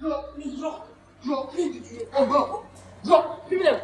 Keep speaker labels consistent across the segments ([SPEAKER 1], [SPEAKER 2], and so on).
[SPEAKER 1] Drop, drop, drop, drop, drop, drop,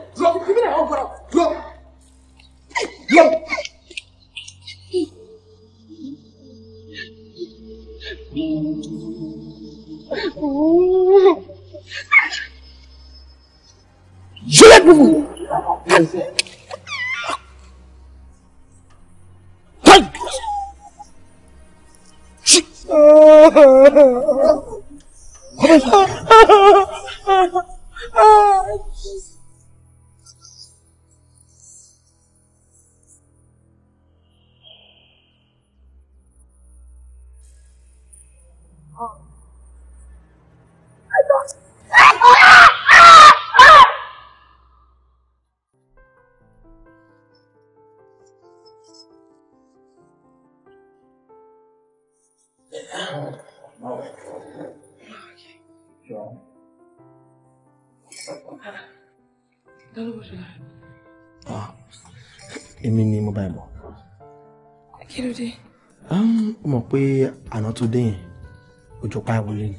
[SPEAKER 1] pa ìwọlé ni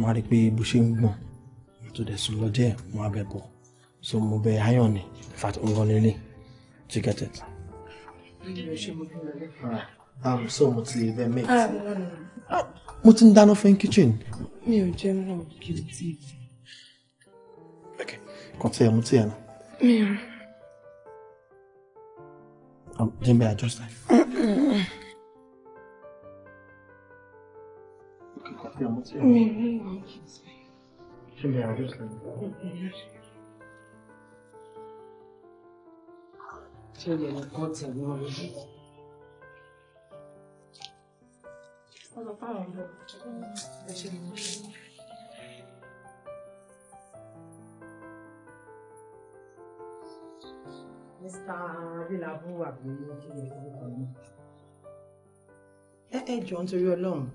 [SPEAKER 1] mo rí i pé bó ṣe ń gbọ̀n tó dẹ̀ sùn lọ díẹ̀ mo á bẹ̀ bọ̀ so mo bẹ iron ni in fact n gan lele to get it. Um, so mo ti bẹ mate. Ah, ah, mo ti ń dáná fún kitchen.
[SPEAKER 2] mi ò jẹ́ mọ́ guilty.
[SPEAKER 1] okay tí ẹ mú tí ẹ nà.
[SPEAKER 2] mi ò. jẹ́ um, bẹ́ẹ̀ adjust time. a mu shi mai hajjarsa ne shi ne na kotun yi
[SPEAKER 1] Thank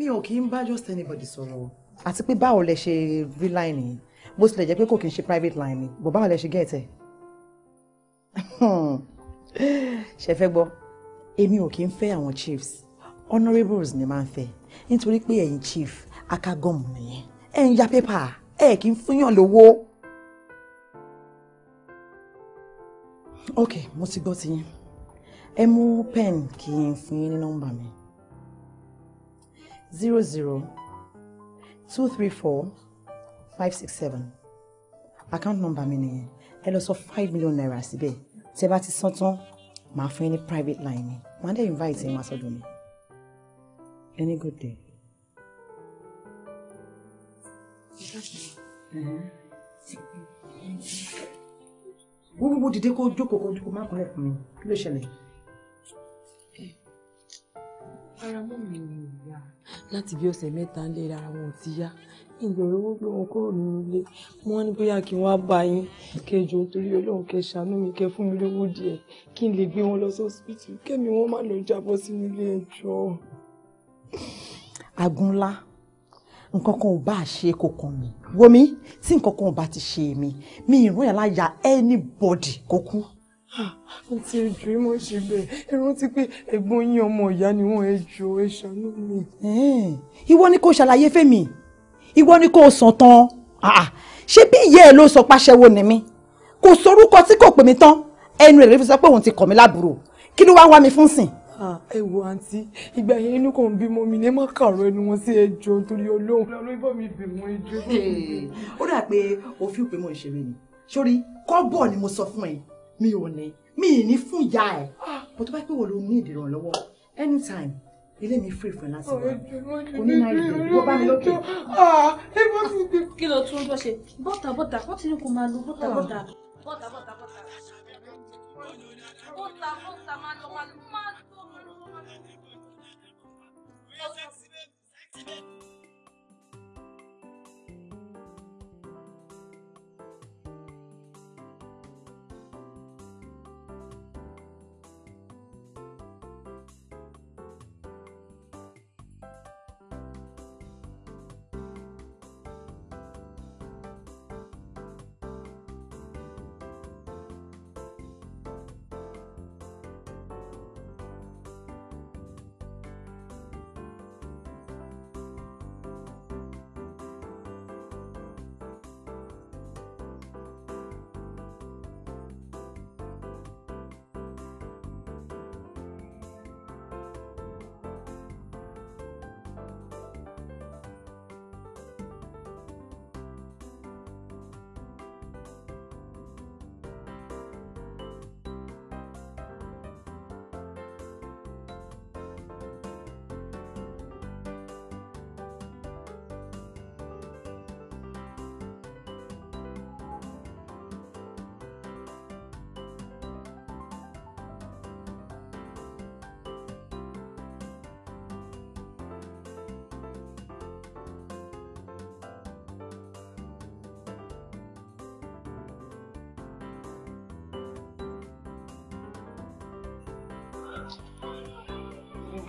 [SPEAKER 1] mi ò kì í bá just anybody sọ̀rọ̀ o. àti pé báwo lẹ ṣe rí line yìí bó tilẹ̀ jẹ́ pé kò kì í ṣe private line ni bó báwo lẹ ṣe get ẹ̀. ṣe fẹ́ gbọ́ èmi ò kì í fẹ́ àwọn chiefs honourables ni máa ń fẹ́ nítorí pé ẹ̀yin chief akágọ́mù nìyẹn ẹ̀ ń ya pépà ẹ̀ kì í fúnyàn lówó. ok mo ti gbọ́ ti yín ẹ mú pen kí n fún yín ní nọ́mbà mi zero zero two three four five six seven account number mi nìyẹn ẹ lọ sọ five million naira síbẹ̀ tẹ bá ti san tán màá fún yín ní private line mi màá dẹ̀ invite yín wá sọ́dọ̀ mi any good day. wọ́n gbogbo dìde kó jókòó kó jókòó má kúnlẹ̀ fún mi kí ló ṣẹlẹ̀
[SPEAKER 2] ara mọ́ mi ni ìyá
[SPEAKER 1] láti bí ọ̀sẹ̀ mẹ́ta ń lé ara wọn ò ti yá ìbẹ̀rù owó gbé wọn kúrò nínú ilé mo ní bóyá kí n wá bá yín kẹjọ nítorí Ọlọ́run kẹ́ ṣàánú mi kẹ́ fún mi lówó díẹ̀ kí n lè gbé wọn lọ sọ́sibítù kẹ́mi wọn má lọ jábọ́ sínú ilé ẹjọ́. agunlá nǹkan kan ò bá ṣe kò kàn wo mi tí nǹkan kan ò bá ti ṣe mí mi ìrún yàrá ya anybody kó kú mo ti jù ú mo ṣe bẹ́ẹ̀ ẹ rántí pé ẹ̀gbọ́n yín ọmọ ìyá ni wọ́n ẹ jù ẹ ṣàánú mi. ìwọ ni kò ṣàlàyé fẹ́mi ìwọ ni kò sàn tán ṣé bí ìyá ẹ ló sọ pàṣẹwò ni mí kò sorúkọ tí kò pè mí tán ẹnu rẹ̀ ló fi sọ pé òun ti kọ̀ mí lábúrò kí ló wá wá mi fún sìn ẹ wo àǹtí ìgbà yẹn inú kan bí mo mi ní má kàrọ ẹnu wọn sí ẹjọ́ torí olóhùn lọlọbọ mi bì wọn ẹjọ́. mo ń ṣeré ni sórí mi ò ní mi ì ní fún ìyá ẹ̀ ah, bó tó bá pé wò ló ní ìdìrànlọ́wọ́ anytime ilé mi free fún ẹ láti wá onínáìrí ló ah, bá mi lókè. kí ló tún bọ́ ṣe bọ́tà bọ́tà wọ́n ti ní kó máa lo bọ́tà ah. bọ́tà
[SPEAKER 2] bọ́tà bọ́tà bọ́tà bọ́tà
[SPEAKER 1] bọ́tà máa lọ máa lọ.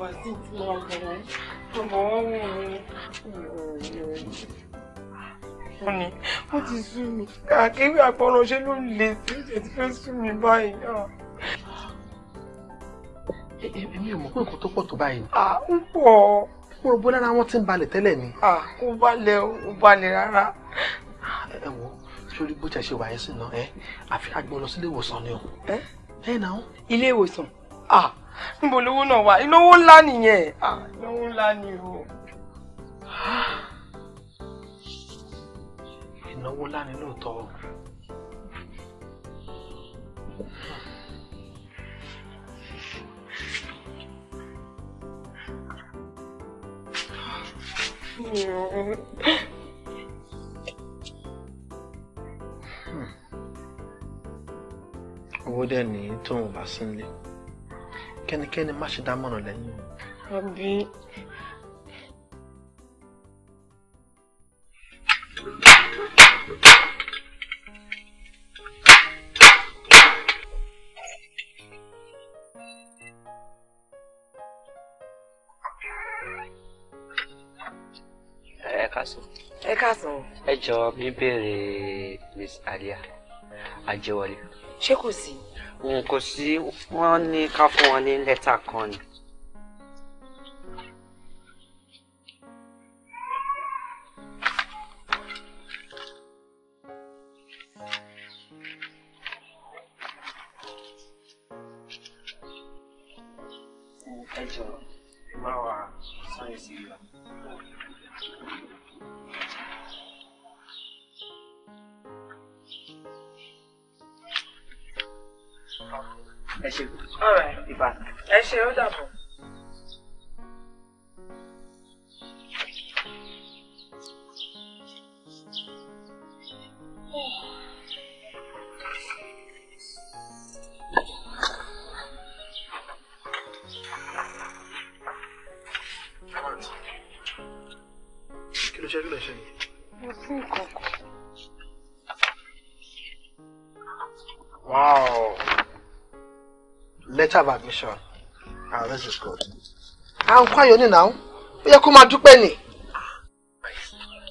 [SPEAKER 2] bàtí tí mo bọ̀ ọmọ
[SPEAKER 1] wọn wò ni. Wọ́n ní ó ti sú mi. Kàkiri àpọ̀ránṣẹ́ ló lè sí ìṣe tí fẹ́ sú mi báyìí náà. Èmi ò mọ̀ pé nǹkan tó pọ̀ tó báyìí. À ń pọ̀. Mo rò bó lára wọn ti ń balẹ̀ tẹ́lẹ̀ ni. À kò balẹ̀ ò balẹ̀ rárá. Ẹ wo sórí bó ṣe wáyé sí náà ẹ àfi agbọ́n lọ sílé o. Ẹ Ah níbo lówó náà wà ìnáwó ńlá nìyẹn ìnáwó ńlá ni o. ìnáwó ńlá ni
[SPEAKER 3] lóòótọ́
[SPEAKER 2] Yeah.
[SPEAKER 1] owó dẹ̀ ní tóun bá sínlé kẹ́nikẹ́ni má ṣe dámọ̀ràn lẹ́yìn o. àbí. ẹ káàsán. ẹ káàsán. ẹ jọ mi béèrè miss alia ajẹwọlé ṣé kò sí. kò sí wọn ní ká fún wọn ní lẹ́tà kan ni. nǹkan ayọ̀ ni náà ó yẹ kó máa dúpẹ́ ni.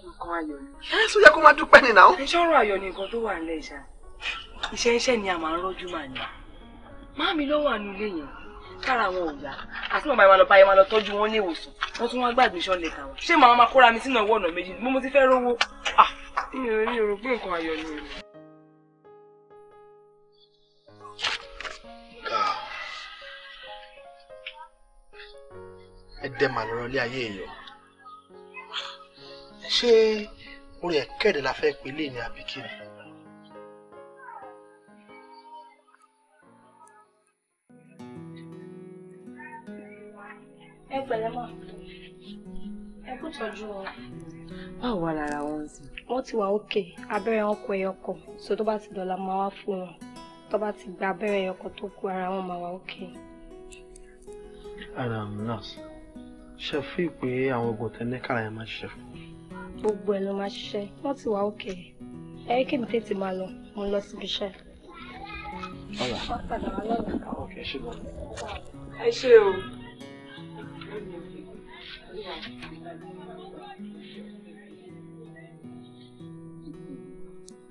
[SPEAKER 1] nǹkan ayọ̀ ni. ẹ ṣó yẹ kó máa dúpẹ́ ni náà. iṣẹ́ ọ̀rọ̀ ayọ̀ ni nǹkan tó wà nílẹ̀ ìṣá iṣẹ́ iṣẹ́ ni a máa ń rọ́jú màá ní. máàmí ló wà nílé yẹn kára àwọn òyà àti màmá ìwà lọ́ba yẹn máa lọ tọ́jú wọn ní ìwòsàn wọ́n tún wọ́n gbàgbé iṣan lẹ́ka wọn. ṣé màmá máa kóra mi sínú ọwọ́ ọ̀nà méjì mo ti fẹ́ rówó. Ah, mi ò rò pé nǹkan ayọ̀ ni. dẹ̀ mà lọ́rọ́ ilé ayé èèyàn ṣé orí ẹ̀kẹ́rẹ̀ la fẹ́ pe lé ní àbíkíni.
[SPEAKER 2] ẹ pẹ̀lẹ́ mọ́ ẹ kú tọ́jú wọn. báwo wà lára wọn sí. wọ́n ti wà òkè abẹ́rẹ́ wọn kọ ẹyọ
[SPEAKER 1] kan so tó bá ti dọ̀la máa wá fún wọn tó bá ti gba abẹ́rẹ́ ẹyọ kan tó kú ara wọn máa wà òkè. ara mi náà sọ ṣe fi pé àwọn oògùn tẹ ní kàrà yẹn máa ṣiṣẹ́ fún. gbogbo ẹ ló máa ṣiṣẹ́ wọn ti wà òkè ẹ kí mi tètè máa lọ mo lọ síbi iṣẹ́.
[SPEAKER 2] ọ̀la ah, ok ṣe lọ. ẹ ṣe o.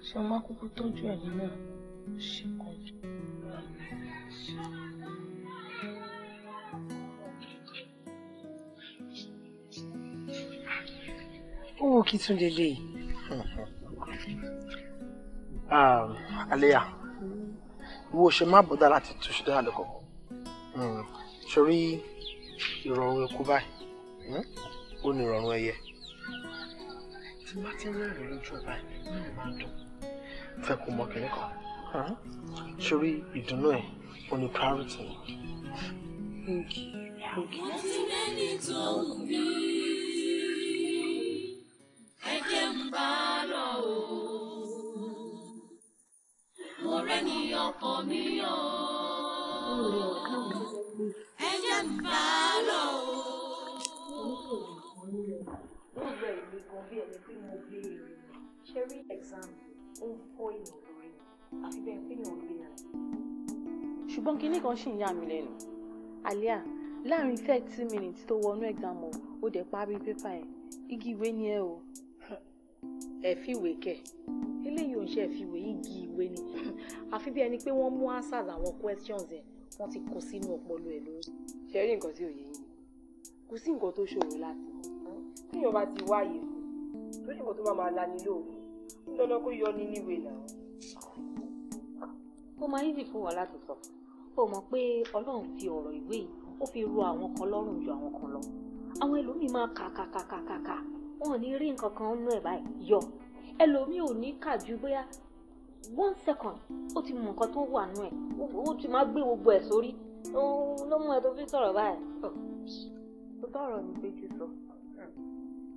[SPEAKER 1] ṣe ọmọ akókó tọ́jú ẹ̀yìn náà ṣe kọjú.
[SPEAKER 2] owó kí tún lè lè.
[SPEAKER 1] Ah, Aleya, ìwọ ṣe má bọ́dá láti túṣu dára lọ́kọ̀. Hmm, Sori ìrọ̀rùn eku báyìí, hmm, ó ní ìrọ̀rùn ẹyẹ. Tí bá ti rẹ́rìn lójú ọba yìí, ó máa dùn. Fẹ́ kó mọ kìnìún kan. Hmm, Sori ìdùnnú ẹ̀, ó ní priority.
[SPEAKER 2] Ògì, ògì. Wọ́n ti mẹ́ni tó wù mí. ọkọ mi o.
[SPEAKER 3] ẹ jẹ́ ń bá a lọ
[SPEAKER 2] o. ó rẹ̀ mí gan bí ẹni pé mo béèrè ṣe rí exam ó ń fọ́ èèyàn lórí àfi bẹ́ẹ̀ pé èèyàn ò lè rìn.
[SPEAKER 1] ṣùgbọ́n kinní kan ṣì ń yà mí lẹ́nu àlíà láàrin thirty minutes tó wọnú exam o ó dẹ̀ parí pépà ẹ̀ igi ìwé ni ẹ o ẹ̀fíwèé kẹ̀ eléyìí ò ń ṣe ẹ̀fíwèé igi ìwé ni àfi bí ẹni pé wọ́n mú answers àwọn questions ẹ̀ wọ́n ti kó sínú ọpọlọ ẹ̀ lórí. ṣe rí nǹkan tí òye yìí kò sí nǹkan tó ṣòro láti mọ̀ téèyàn bá ti wáyè fún lórí nǹkan tó bá máa lani lóògùn ó lọ́nà kó yọ ní níwèé náà. ó máa ń yí fún wa láti sọ ó mọ̀ pé ọlọ́run fi ọ̀rọ̀ ìwé yìí ó fi ru àwọn kan lọ́rùn ju àwọn kan lọ àwọn ẹlòmíín máa kà kà kà kà kà wọn ò ní rí nǹkan kan nú ẹ̀ báyìí yọ ẹlòmíì ò ní kà ju bóyá one second ó ti mọ nǹkan tó wà nú ẹ̀ ó ti máa gbé gbogbo ẹ̀ sórí ló mú ẹ tó fi sọ̀rọ̀ báyìí. ó tọ̀rọ̀ ní péjú sọ.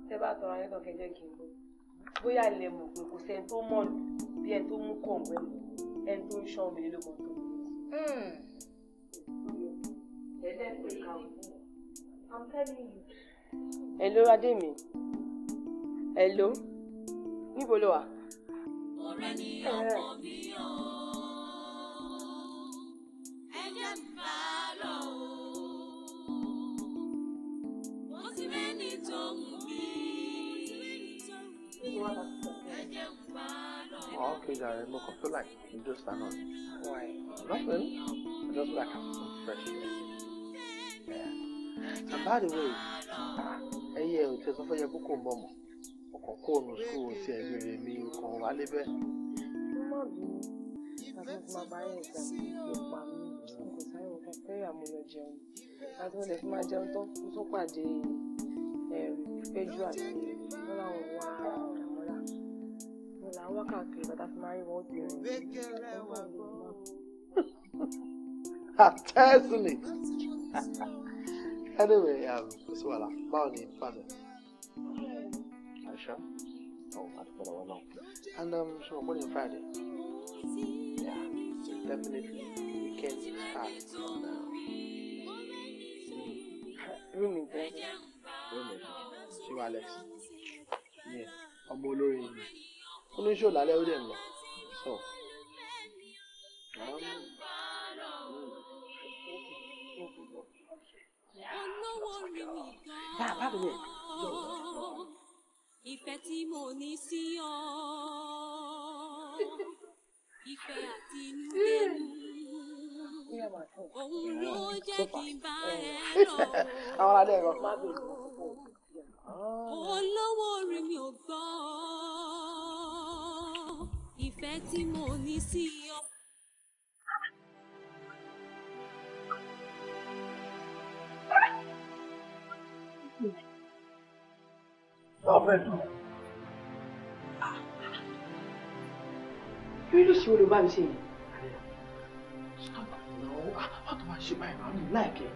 [SPEAKER 1] tẹ bá tọrọ ayé tọkẹ jẹ kí n gbọ́ bóyá ilẹ̀ mọ̀ pé kò sẹ́ni tó mọ̀ bí ẹni tó mú kọ̀ǹgbẹ́ mọ̀ ẹni tó ń ṣọ́ mi ló mọ̀ tó mú. Hmm. ẹlẹ́pẹ̀ẹ́ ẹ ló dé mi hello níbo ló wà.
[SPEAKER 2] ọ̀rẹ́ ni ọkọ mi o ẹ jẹ́ n bá lọ o
[SPEAKER 3] mo ti mẹ́ni tó ń
[SPEAKER 2] bí ẹ jẹ́ n bá lọ.
[SPEAKER 1] Okay, darling, look, I feel like you just stand on. Why? Nothing. I just feel like I'm fresh. Yeah. And by the way, ah, ẹyẹ ò tẹ̀sán fẹ́ yẹ kókó ń bọ̀ mọ́ kàn kó ònú sùúrù tí ẹ gbére mi kàn wá lébẹ̀.
[SPEAKER 2] má bínú tàbí kí máa bá yẹn ìgbà mi lè pa mí kò sáré wọn kan
[SPEAKER 1] fẹ́ ìyàmú lọ jẹun àti wọn lè fi máa jẹun tán kó tó pàdé
[SPEAKER 2] péjú àti wọn làwọn wá àmọ́ra wọn là ń wá káàkiri bàtà fi máa rí wọn òkè
[SPEAKER 1] I'm testing it. anyway, um, so voilà, báwo ni father. Sure. oh àdúgbò lọ́wọ́ náà and um, so what is
[SPEAKER 2] Friday yeah definitely we can start from now rúmi bẹ́ẹ̀ rúmi
[SPEAKER 1] ṣé wàá Alex yeah ọmọ olórin mi oníṣòwò lálẹ́ ó dẹ̀ ń lọ so. Um, yeah, probably
[SPEAKER 2] ìfẹ́ tí mo ní sí ọ ìfẹ́ àtinúdẹ́nu òun ló jẹ́ kí n bá ẹ lọ olówó orí mi ò gbọ́ ìfẹ́ tí mo ní sí ọ. ọ̀fẹ́ dùn.
[SPEAKER 1] Irú ìṣòro ló bá mi ṣe yìí. Stop now. Wọ́n tó máa ṣe báyìí máa ń láìkẹ́.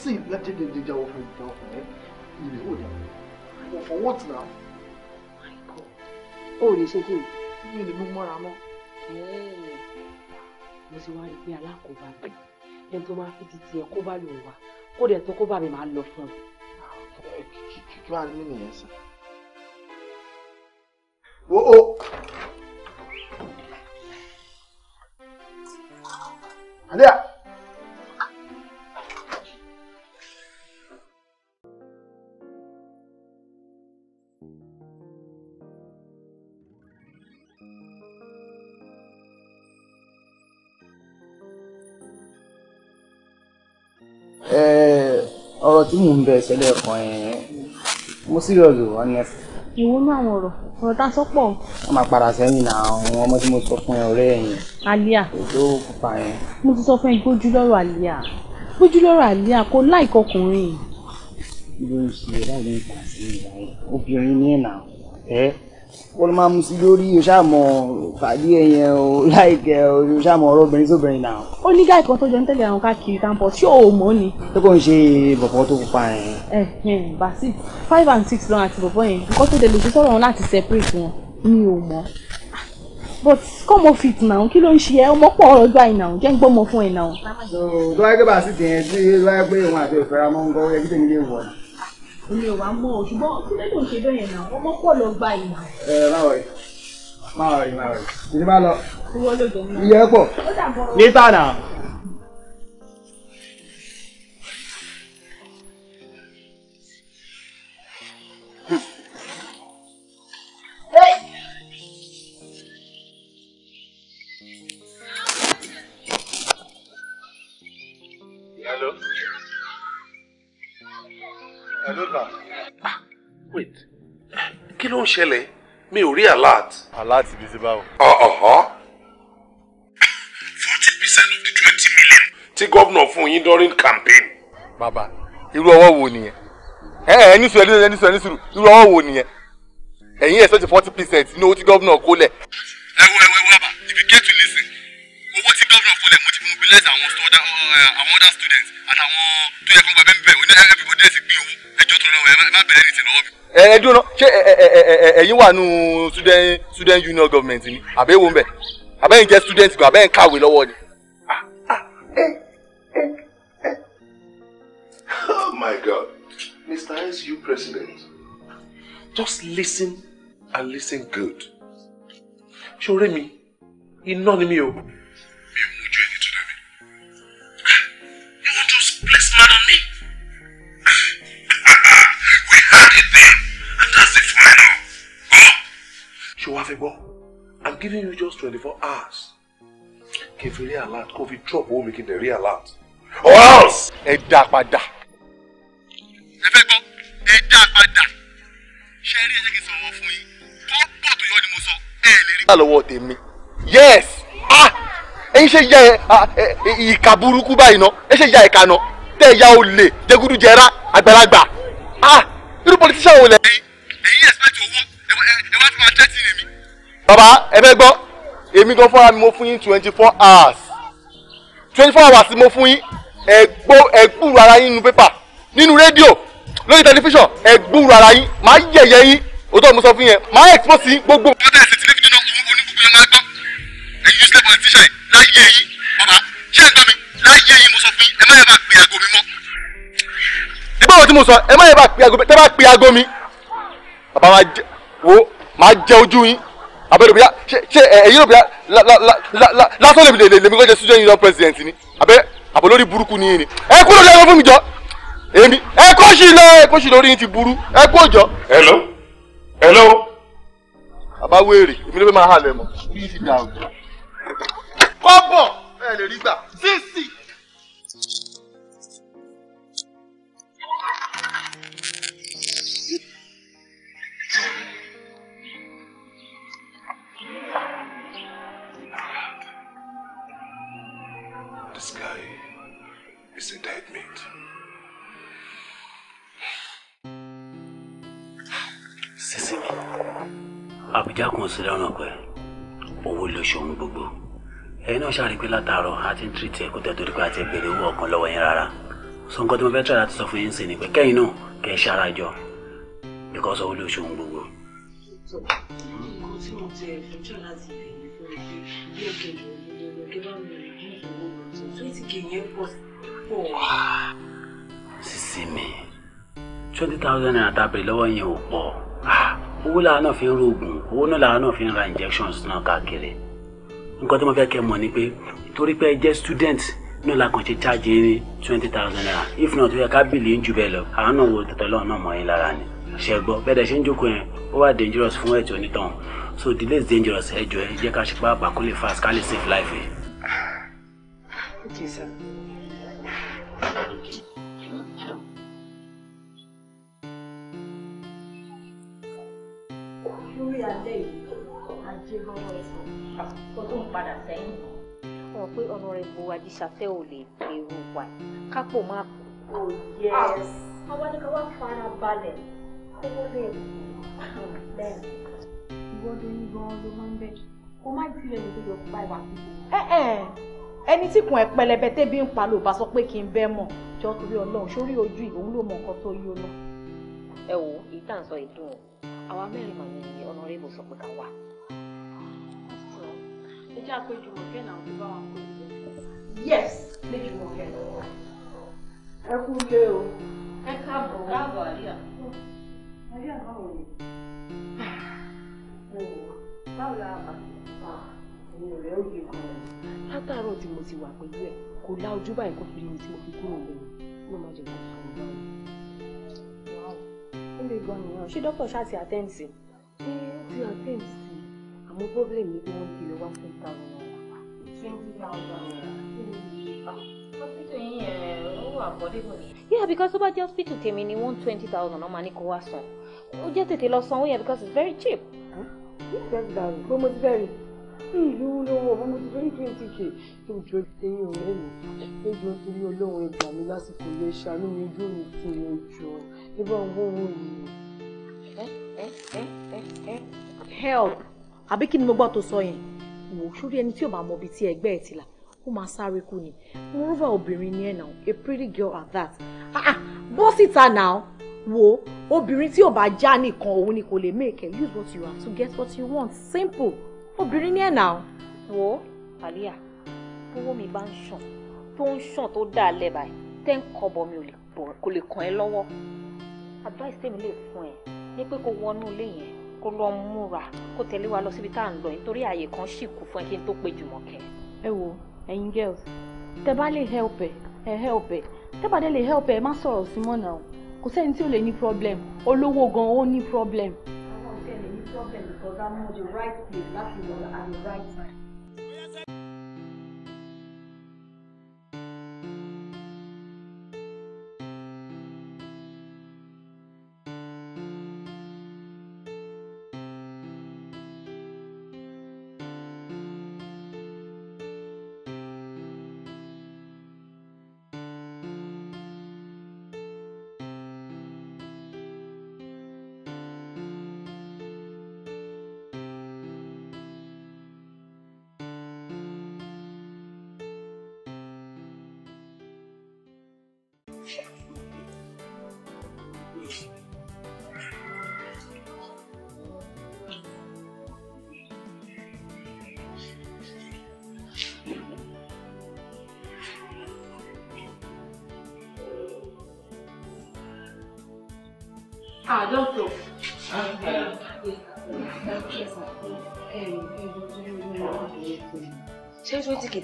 [SPEAKER 1] Sí lẹ́tí dèjì jẹ́ òfin ìjọ ọkùnrin. Ìrè ò dà. Mo for what now? O ò lè ṣe kí ni? Mi ò lè mú mọ́ra mọ́. Mo ti wá rí pé alákòóbá bẹ̀. Ẹni tó máa fi titi ẹ̀ kó bá lòun wá. Kó dẹ̀ tó kó bá mi máa lọ fún un. Ah, kí plan mi nìyẹn sà. wo o. Adia.
[SPEAKER 2] ọ̀rọ̀ tí mò ń bẹ̀ ṣẹlẹ̀ kan ẹ̀
[SPEAKER 1] mo serious o honest. ìwọ ní àwọn ọ̀rọ̀ ọ̀rọ̀ tá a sọ pọ̀. wọ́n máa padà sẹ́yìn náà àwọn ọmọ tí mo sọ fún ẹ ọ̀rẹ́ ẹ̀yìn. alia ètò pupa yẹn. mo ti sọ fún ẹ gbójú lọ́rọ̀ alia gbójú lọ́rọ̀ alia kò láìka ọkùnrin. ló ń ṣe báyìí ń kà sí ìyá obìnrin ní ìnà ẹ wọ́n ló máa mú sí lórí o ṣàmọ̀ fàdí ẹ̀yẹ o láìkẹ́ o ṣàmọ̀ ọ̀rọ̀ obìnrin sóbìnrin náà. ó ní gáì kan tó jọ ń tẹ̀lé àwọn káàkiri táǹpọ̀ tí ò mọ́ ni. tó kò ń ṣe bọ̀bọ̀ tó pupa yẹn. ẹ ẹ Basil five and six lọ́n àti bọ̀bọ̀ yẹn nǹkan tó dẹ̀ lè ṣe sọ̀rọ̀ wọn láti separate wọn mi ò mọ̀ but kọ́mọ fit náà kí ló ń ṣe ẹ ọmọ pọ̀ ọ̀rọ̀ gbà ìnà jẹ́ ń gbọ́mọ fún ìnà. tó wáyé pé Basil ti yẹn tí wáyé pé òun àti òfin ra mọ́ ń gbọ́ ẹgbẹ́ tèmi lè mi ò wá mọ ṣùgbọ́n kí ló lè ṣe bẹ́ẹ̀ náà ọmọ pọ̀ lọ gba ìmọ̀. ẹ ẹ má wọrí má wọrí má wọrí ìdí má lọ. owó ló jẹ mí. iye pọ̀ níta náà.
[SPEAKER 2] Hello hello ah
[SPEAKER 1] wait kí ló ń ṣẹlẹ̀ mi ò rí alert. alert ibi tí báwo. ọ̀hún. Ah, forty percent of the twenty million tí gómìnà fún yín during campaign. bàbá irú ọwọ́ wo nìyẹn ẹ ẹ ní sùúrù ẹ ní sùúrù ẹ ní sùúrù irú ọwọ́ wo nìyẹn ẹ̀yin ẹ̀ sọ́ọ̀tì forty percent ní owó tí gómìnà kó lẹ̀. ẹ wo ẹ wo ẹ wo bàbá if you get to listen let àwọn ọ̀dà eh, àwọn ọ̀dà students àti àwọn tó yẹ kó gba bẹ́ẹ̀ bẹ́ẹ̀ oníyẹ everybody ẹ̀ sì gbé owó ẹjọ́ tó lọ́wọ́ ẹ má bẹ̀rẹ̀ nìtì lọ́wọ́ mi. ẹ ẹ dúró ṣé ẹ̀yin wà nù student student union government ni àbẹ wo mbẹ àbẹ ń jẹ student gan àbẹ ń kàwé lọ́wọ́ ni. Oh my God, Mr. SU President, just listen and listen good. Ṣoré mi, iná ni mi o.
[SPEAKER 2] mad we had it
[SPEAKER 1] then, and that's the final. Go! Shuwafebo, I'm giving you just 24 hours. Kí fi rí alert, kó fi drop owó mi kí n lè rí alert. Or else! a dark padà. Ẹ fẹ́ gbọ́, ẹ Yes! Ah! Ẹ̀yin ṣe ya ah, ìka burúkú báyìí ná, ẹ ṣe ya ìka náà tẹ̀yà olè jẹgúdújẹrá àgbàlagbà ah irú politician wo lẹ. ẹ̀yin ẹ̀sìpẹ̀tì owó ẹ wá fún wa tẹ́tì lèmi. bàbá ẹ fẹ́ gbọ́ èmi gan fúnra mi mo fún yín twenty four hours twenty four hours mo fún yín ẹ gbọ́ ẹ gbúrò ara yín nínú pépà nínú rédíò lórí tẹlifíṣàn ẹ gbúrò ara yín máa yẹ̀yẹ́ yín òótọ́ mo sọ fún yẹn máa expose yín gbogbo. bọ́tà ẹ̀sìn tí lẹ́bi nínú onígbùgbù yẹn máa gbọ́ ẹ̀yin ṣẹ́gun
[SPEAKER 2] ẹ̀ tíṣà yìí láyé yín bàbá ṣé ẹ gbọ́ mi láyé yìí mo
[SPEAKER 1] sọ fún ẹ má yẹ bá pe aago mi mọ́. gbọ́dọ̀ tí mo sọ ẹ má yẹ bá pe aago mi tẹ́ bá pe aago mi bàbá máa jẹ wo máa jẹ ojú yín abẹ́rẹ́ bóyá ṣe ẹ̀yin bóyá lásán lèmi lèmi kọ́jà student union president ni abẹ́ àbọ̀ lórí burúkú ni yín ni ẹ kúrò lẹ́yìn fún mi jọ èmi ẹ kó sì lọ ẹ kó sì lórí yín ti burú ẹ kó jọ. hello hello. bàbá wéèrè èmi ló fẹ́ máa halẹ̀ mọ́ orí yín lè rí gbà. Sisi.
[SPEAKER 2] This guy is a dead meat.
[SPEAKER 3] Sisi. Àbújá kan sí dáná pẹ́, owó ló ṣohun gbogbo ẹ̀yin náà ṣàrí pé látàárọ̀ a ti ń tìrìtì ẹ̀kú tẹ̀ torí pé a ti bèrè owó ọ̀kan lọ́wọ́ yín rárá so nǹkan tí mo fẹ́ tẹ̀lé àti sọ fún yín sí ni pé kẹ́yìn náà kẹ́ ẹ ṣara jọ because owó lóṣù ń gbogbo. sísí mi twenty thousand naira tàbí lọ́wọ́ yẹn ò pọ̀ ah, owó làwọn náà fi ń rògùn owó náà làwọn náà fi ń ra injections náà káàkiri nǹkan tí mo fẹ́ kẹ́ mọ̀ ni pé torí pé ẹ jẹ́ student ní ọ̀la kan charge yín ní twenty thousand naira if not ó yẹ ká bìlì ń jù bẹ́ẹ̀ lọ àwọn náà wo tọ̀tọ̀ lọ́wọ́ náà mọ̀ yín lára ni ṣe gbọ́ bẹ́ẹ̀ dẹ̀ ṣe ń jókòó yẹn ó wà dangerous fún ẹ̀tọ́ onítàn so delay is dangerous ẹ jọ̀ọ́ ẹ jẹ́ ká ṣe pé àgbà kó lè fast ká lè save life ẹ.
[SPEAKER 2] Jesus. Lórí adé yìí jẹ́ lọ́wọ́ ẹ̀ sọ
[SPEAKER 1] kó tó ń padà sẹ́yìn. wọn pe ọ̀nàrẹ́bù àdìsàfẹ́ ò lè gbèrú wa kápò máa kú.
[SPEAKER 2] ò yẹ àwa ni ká wá fara balẹ̀ kówó lè kú lẹ́nu. ìwọ ló ń gan ló máa ń bẹ̀ kó má
[SPEAKER 1] pa ìwà kíkó. ẹ ẹ ẹni tí kùn ẹ pẹlẹbẹ ń pa ló bá sọ pé kí n bẹ mọ jọ torí Ọlọ́run sórí ojú ìlòun ló mọ nǹkan tó yó náà. ẹ wo ìtàn
[SPEAKER 2] sọ ìdùn àwa mẹ́rin màmí ọ̀nà rẹ̀ bó sọ pé ká wà
[SPEAKER 1] ẹ jẹ́ àpéjú mọ̀kẹ́ náà tó bá wa kó
[SPEAKER 2] yes péjú
[SPEAKER 1] mọ̀kẹ́ ẹ kú lé o
[SPEAKER 2] ẹ káàbọ̀ káàbọ̀ àríyá àríyá báwo ni báwo la bá èmi ò rẹ ó yẹ gan
[SPEAKER 1] látàárọ̀ tí mo ti wà pẹ̀lú ẹ kò lá ojú báyìí kó fi mi tí mo fi kúrò lẹ́nu ló má jẹ kó sọ mi báwo. ó lè gan nìyẹn ṣé dókítà ṣáà ti àtẹ́ǹtì. ṣé ti àtẹ́ǹtì àmọ́ problem yìí bí ti lè
[SPEAKER 2] wá twenty
[SPEAKER 1] yeah because tó bá jẹ́ hospital tèmi ni one twenty thousand ọmọ ní kó wá san ó a lot lọ sanwó yẹn because it's very cheap. twenty thousand gbọ́n mo very. fẹ́ rí ìlú lówó ọmọ mo ti fẹ́ rí twenty k tó ju ẹyin ọ̀rẹ́ mi lójú torí olóhùn ẹgbà mi lásìkò lè ṣàánú mi ojú òní fún mi ojú ẹ bá ń wọ́n wọ́n help àbí kí ni mo gbọ́ tó sọ yẹn wò sórí ẹni tí ò bá mọ ibi tí ẹgbẹ́ ẹ̀ ti là ó máa sáré kú ni moreover obìnrin ni ẹ̀ náà a pretty girl at that ah ah bó síta náà wò obìnrin tí ò bá já nìkan òun ni kò lè make it use what you have to get what you want simple obìnrin ni ẹ̀ náà. wò àlíyà owó mi bá ń ṣàn tó ń ṣàn tó dà lẹ́ tẹ́ ń kọ́bọ̀ mi kò lè kàn ẹ́ lọ́wọ́ advice tèmi lè fún ẹ ní pé kó wọnú ilé yẹn kó lọ múra kó tẹ̀lé wa lọ síbi tá à ń lọ nítorí àyè kan ṣì kù fún ẹ kí n tó pe Jùmọ̀kẹ́. ẹ wo ẹ̀yin girls tẹ bá lè help ẹ ẹ help ẹ tẹ bá dé lè help ẹ má sọ̀rọ̀ sí mọ́ náà kò sẹ́ni tí ò lè ní problem olówó gan ó ní problem.
[SPEAKER 3] àwọn ọ̀sẹ̀ lè ní problem because I'm on the right place láti lọ at the right
[SPEAKER 1] time.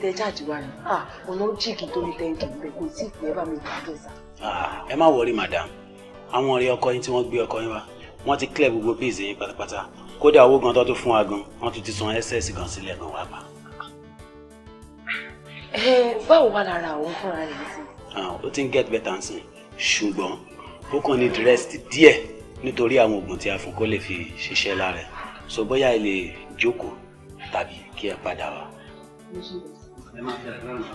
[SPEAKER 1] tẹ jáde wá ni ah, ọ̀nà jíìkì tó ní tẹ́ǹkì ń bẹ kò sí ìpínlẹ̀ bá mi gbàgbé sá.
[SPEAKER 3] Ah, ẹ má wọrí madam àwọn ọ̀rẹ́ ọkọ yín tí wọ́n gbé ọkọ yín wá wọ́n ti clear gbogbo bíìsì yín pátápátá kódà owó gan tó tún fún wa gan wọ́n tún ti san ss gan sílẹ̀ gan wá pa.
[SPEAKER 1] ẹ báwo wà lára àwọn fúnra rẹ sí.
[SPEAKER 3] Ah, ó ti ń get better nsìn ṣùgbọ́n ó kàn ní rest díẹ̀ nítorí àwọn oògùn tí a fún kó lè fi ṣiṣẹ́ lára ẹ̀ so bóyá ẹ lè jókòó tàbí kí ẹ padà wá ẹ máa tẹ fúlàǹtà.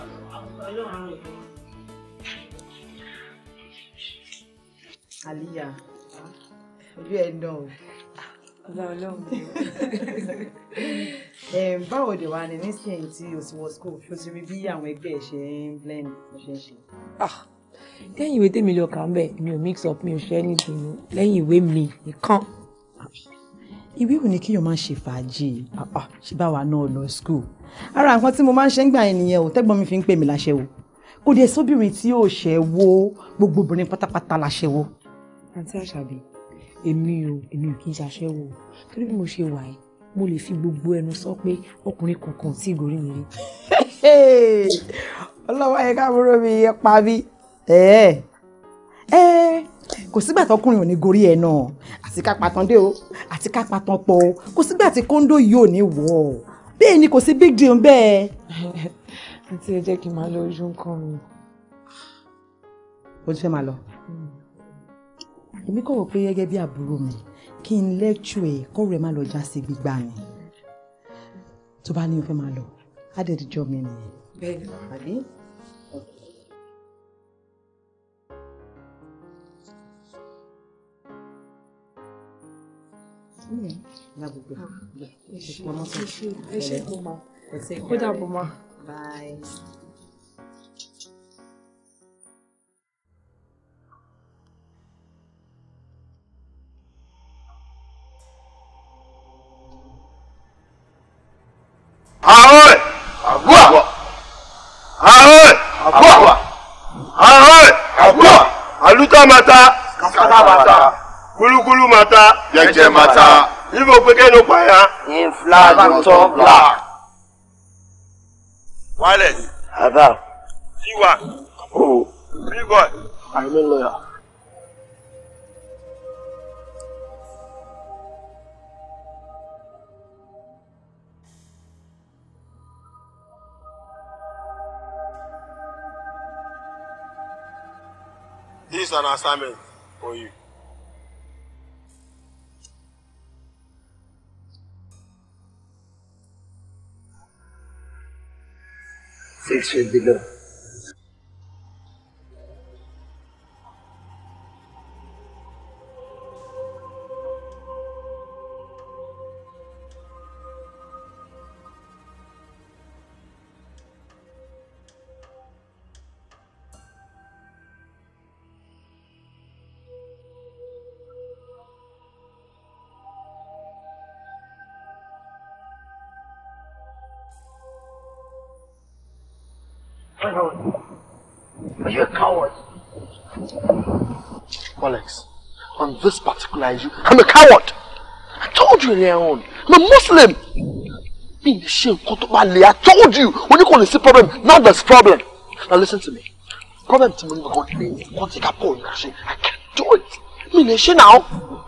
[SPEAKER 1] àlìyà ojú ẹ náà o. báwo de wa ni nísìnyí tí o ti wọ school o ti rí bí àwọn ẹgbẹ́ ẹ ṣe ń blend ṣe ń ṣe. Ah, lẹ́yìn ìwé tèmi lọ kà ń bẹ̀ mi ò mix up mi ò ṣe anything lẹ́yìn ìwé mi nìkan ah, ìwé ò ní kíyàn máa ṣe fàájì ah, ṣe bá wa náà lọ school ara nǹkan tí mo máa ń ṣe ń gbà yẹn nìyẹn o tẹ́gbọ́n mi fi ń pè mí láṣẹ́wó kò dé sóbìnrin tí yóò ṣẹ́wó gbogbo obìnrin pátápátá láṣẹ́wó.
[SPEAKER 2] àǹtí àṣàbí
[SPEAKER 1] èmi o èmi ò kì í ṣàṣẹ́wó torí bí mo ṣe wà yìí mo lè fi gbogbo ẹnu sọ pé ọkùnrin kankan tí ìgòrí mi rí. ọlọ́wọ́ yẹn káàbúrò mi yẹ pa mí kò sígbà tọkùnrin ò ní gorí ẹ náà àti ká patán dé o àti ká patán pọ o kò sígbà tí kóńdó yìí ò ní wọ ọ bẹ́ẹ̀ ni kò sí big deal bẹ́ẹ̀. àti ẹ jẹ́ kí n máa lọ ojú nǹkan mi. o ti fẹ́ máa lọ. Hmm. èmi kò rò pé gẹ́gẹ́ bí àbúrò mi kí n lẹ́tù ẹ̀ kó rẹ̀ máa lọ já sí gbígbà mi tó bá ní o fẹ́ máa lọ á dẹ̀ díjọ́ mi nìyẹn.
[SPEAKER 2] bẹ́ẹ̀ ni àbí.
[SPEAKER 1] lágbègbè ìpamọ́ ah, sọ ẹ bye. Kulukulu mata! Jẹjẹ mata! mata. Igbo peke no pa ya. In flag on top black. Wireless. Abab. Tiwa.
[SPEAKER 2] Oh. Big boy. I'm a This is an assignment for you. six feet below.
[SPEAKER 1] this particular issue, I'm a coward. I told you earlier on, I'm a Muslim. Being the shame, I told you, when you call this problem, now there's problem. Now listen to me. Problem to me, I can't do it. mi lè ṣe náà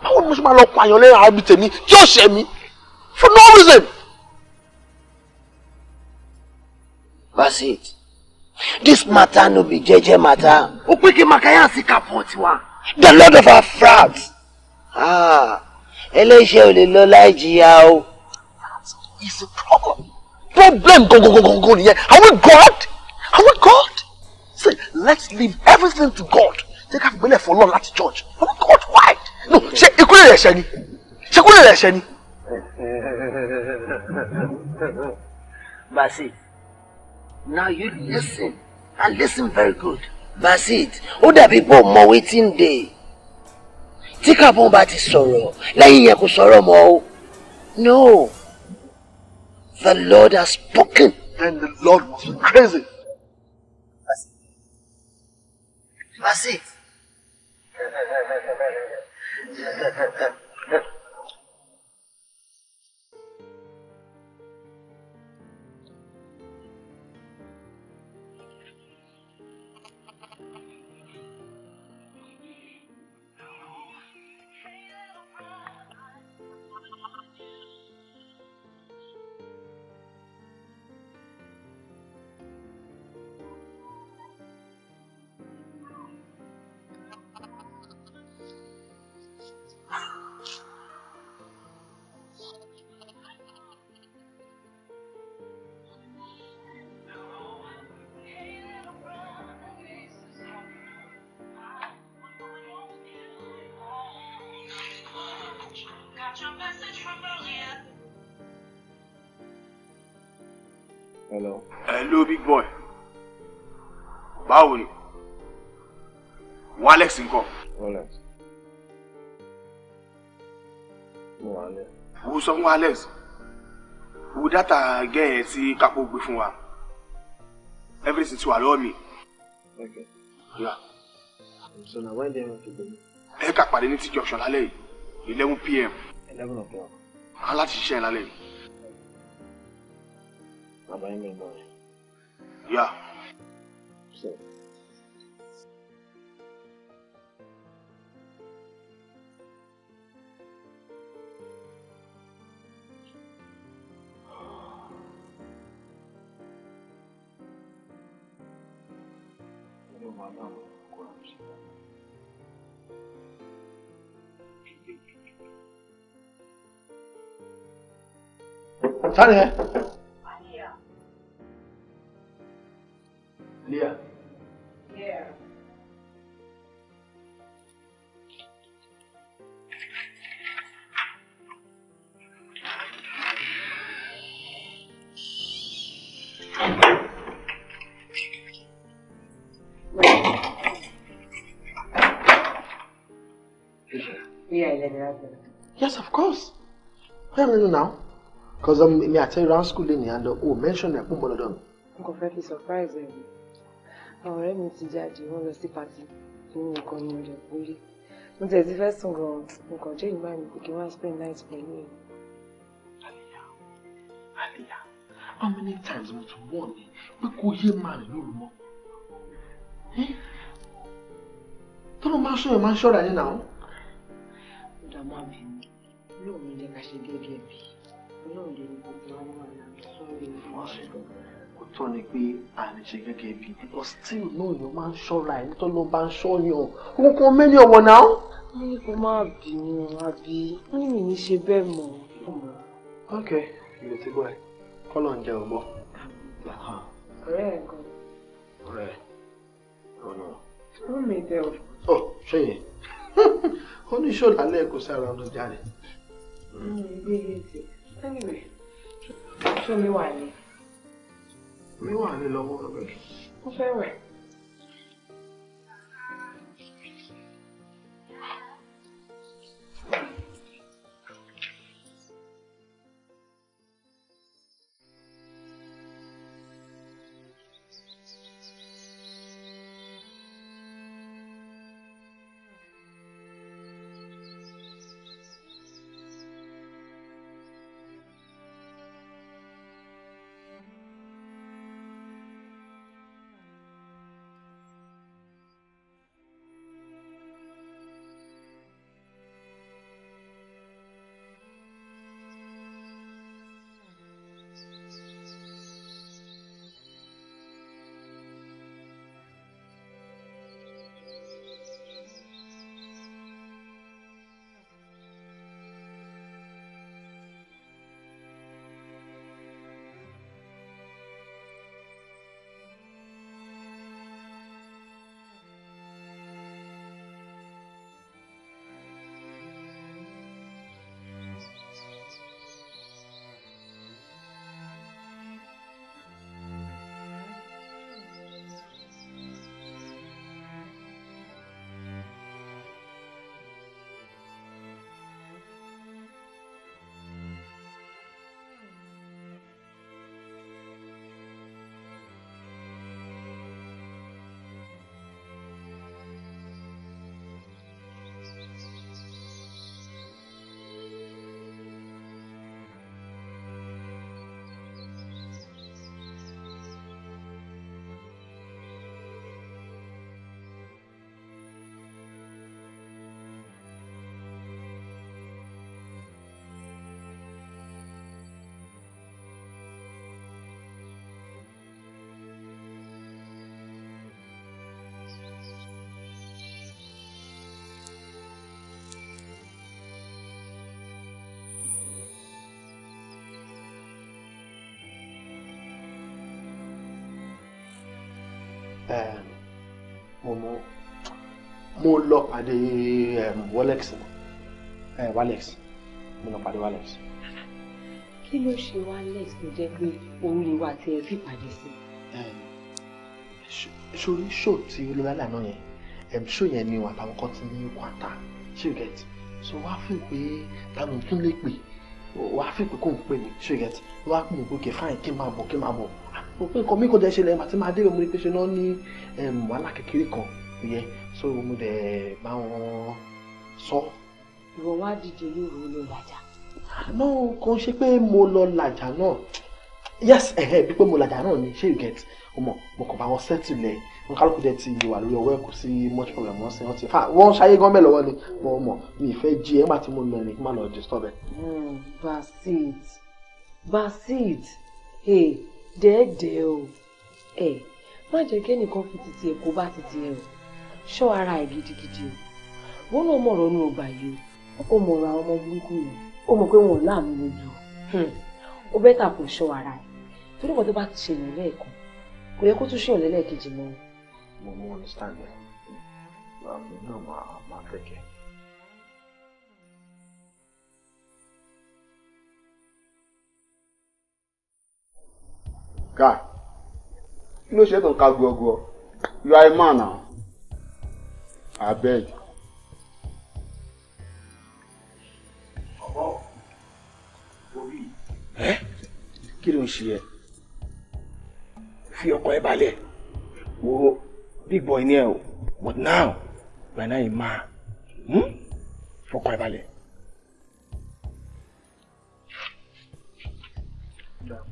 [SPEAKER 1] báwo ni mo ṣe máa lọ pààyàn lẹ́yìn ara mi tèmi tí ó ṣe mí for no reason. that's it this matter no be JJ matter. ó pé kí makaya sí kápọ̀ tiwa the lord of our fraud ẹlẹ́ṣẹ̀ ah, ò lè lọ láì jìyà o.
[SPEAKER 2] is the problem
[SPEAKER 1] problem gongongongongo nìyẹn are we God are we God say let's leave everything to God Take ká fi gbélé fún Ọlọ́run láti church are we God why no ṣe ikú lè ẹ̀ṣẹ̀
[SPEAKER 2] ni ṣe ikú lè ẹ̀ṣẹ̀ ni.
[SPEAKER 3] Basi now you listen and listen very good basit ó dàbí pé ò mọ waiting day tí carbon bá ti sọ̀rọ̀
[SPEAKER 1] lẹ́yìn yẹn kò sọ̀rọ̀ mọ́ o no the lord has spoken. Then the lord must be crazy.
[SPEAKER 2] basit. basit. wọn Alex ńkọ́. Alex
[SPEAKER 1] mo wà ní. sọ fún Alex wo dátà gẹ́yẹn tí kápó gbé fún wa everything ti wà lọ́wọ́ mi. Okay. Yeah.
[SPEAKER 2] So na when do you to go?
[SPEAKER 1] ẹ kà pàdé ní tíjọ ọ̀ṣọ́ lálẹ́ yìí eleven pm. eleven o'clock. aláti ṣiṣẹ́ lálẹ́ yìí. bàbá yín mi ń bọ̀ yà. Yeah. So. Saniye. Leah. Leah. Yes, of course. Where are you now? cause um, mi àti ẹ round school lè and oh, mention that pọ̀ mọ́ lọ́dọ̀ mi. n kò fẹ́ fi surprise ẹ̀ àwọn ọ̀rẹ́ mi to see party. lọ sí pàtì nínú nǹkan ní ọ̀rẹ́ ìpínlẹ̀ mo tẹ̀ sí fẹ́ sùn gan-an nǹkan jẹ́ ìgbà mi kò kí wọ́n spend nights with ẹ̀. Aliyah, Aliyah. how many times mo tún wọ̀ ni pé kò yé máa rìn lóru mọ́ tọ́lọ́ máa ń sọ̀rọ̀ máa ń ṣọ́ra yín náà. ọ̀dà máa bẹ̀ mí lóòrùn ni ká ṣe déédéé bíi náà lè ní gbogbo àwọn àlàáfíà rẹ̀. wọ́n ṣe kò tọ́ ni pé àníṣe gẹ́gẹ́ bí because still náà yóò máa ń ṣọ́ra ẹ̀ nítorí náà bá ń ṣọ́yàn kókó mẹ́ni ọ̀wọ̀ náà. ní kó má bínú àbí ó ní ṣe bẹ́ẹ̀ mọ́. ok ìlú ti gbọ́ ẹ kọ́lọ̀ ń jẹ ọgbọ́. ọ̀rẹ́ ẹ̀ gan. ọ̀rẹ́ ọ̀nà. ó mi tẹ ọ. ọ ṣe yẹn ó ní ṣòlá lẹ́ẹ̀kọ́ sí ọdún jáde. mi ò gbé e ti anyway ṣé mi wà ní. mi wà ní lọ́wọ́ rẹ̀.
[SPEAKER 2] mo fẹ́ wẹ̀. ọmọ
[SPEAKER 1] mo lọ pàdé walex walex mo lọ pàdé walex. kí ló ṣe walex tó jẹ́ pé òun lè wá tí ẹ fi pàdé sí. sórí ṣó tí olóyè lànà yẹn ṣó yẹn ni àtàwọn kan ti ní kwanta ṣé o get so wàá fi pé táwọn tún lè pè wàá fi pé kò ń pè mí ṣé o get wàá pè mí pé kí fáìn kí n máa bọ̀ kí n máa bọ̀ o pé nǹkan mi kò jẹ́ ṣẹlẹ̀ àti máa dé ìwé mo rí pé ṣe náà ní wàhálà kékeré kan yẹn so mo dẹ̀ bá wọn sọ.
[SPEAKER 2] ìwọ wá dìde yóò rò ó làjà.
[SPEAKER 1] náà kàn ṣe pé mo lọ làjà náà yes ẹ̀hẹ́ bí pé mo làjà náà ni ṣé you get ọmọ mo kàn bá wọn sẹ́tìlẹ̀ wọn kálukú dẹ̀ ti wà lórí ọwọ́ ẹ̀kú sí much problem wọn sẹ́yìn wọn ti fà ah, wọ́n ṣayé gan mẹ́lọ́wọ́ ni mo, mọ̀ mi ìfẹ́ jí ẹ̀ ń bá ti mú mi rìn kí má lọ disturb ẹ̀. Hmm, basit basit hey dẹ́ẹ̀dẹ́ o ẹ má jẹ́ kẹ́nìkan fi titi ẹ̀ kó bá titi ẹ̀ o ṣọ́ ara ẹ̀ gidigidi o wọn náà mọ̀rọ̀ ní ọgbà yìí o ó mọ̀rọ̀ àwọn ọmọ burúkú yìí ó mọ̀ pé wọn ò láàánú lójú o hmm. ó bẹ́tà kó ṣọ́ ara ẹ̀ torí kan tó bá ti ṣèyàn lẹ́ẹ̀kan kò yẹ kó tún ṣèyàn lẹ́lẹ́ẹ̀kejì mọ́. mo mọ understand ẹ
[SPEAKER 2] máa fi náà máa máa fẹ́
[SPEAKER 1] Guy, you know she don't call go go. You are a man now. I beg.
[SPEAKER 2] Ọ̀bọ̀, Obi.
[SPEAKER 1] Ẹ́ kí ló ń ṣe ẹ́? Fi ọkọ ẹ balẹ̀. Wo big boy ni ẹ o, but now, by now you ma. Hmm? Fọkọ ẹ balẹ̀.
[SPEAKER 2] That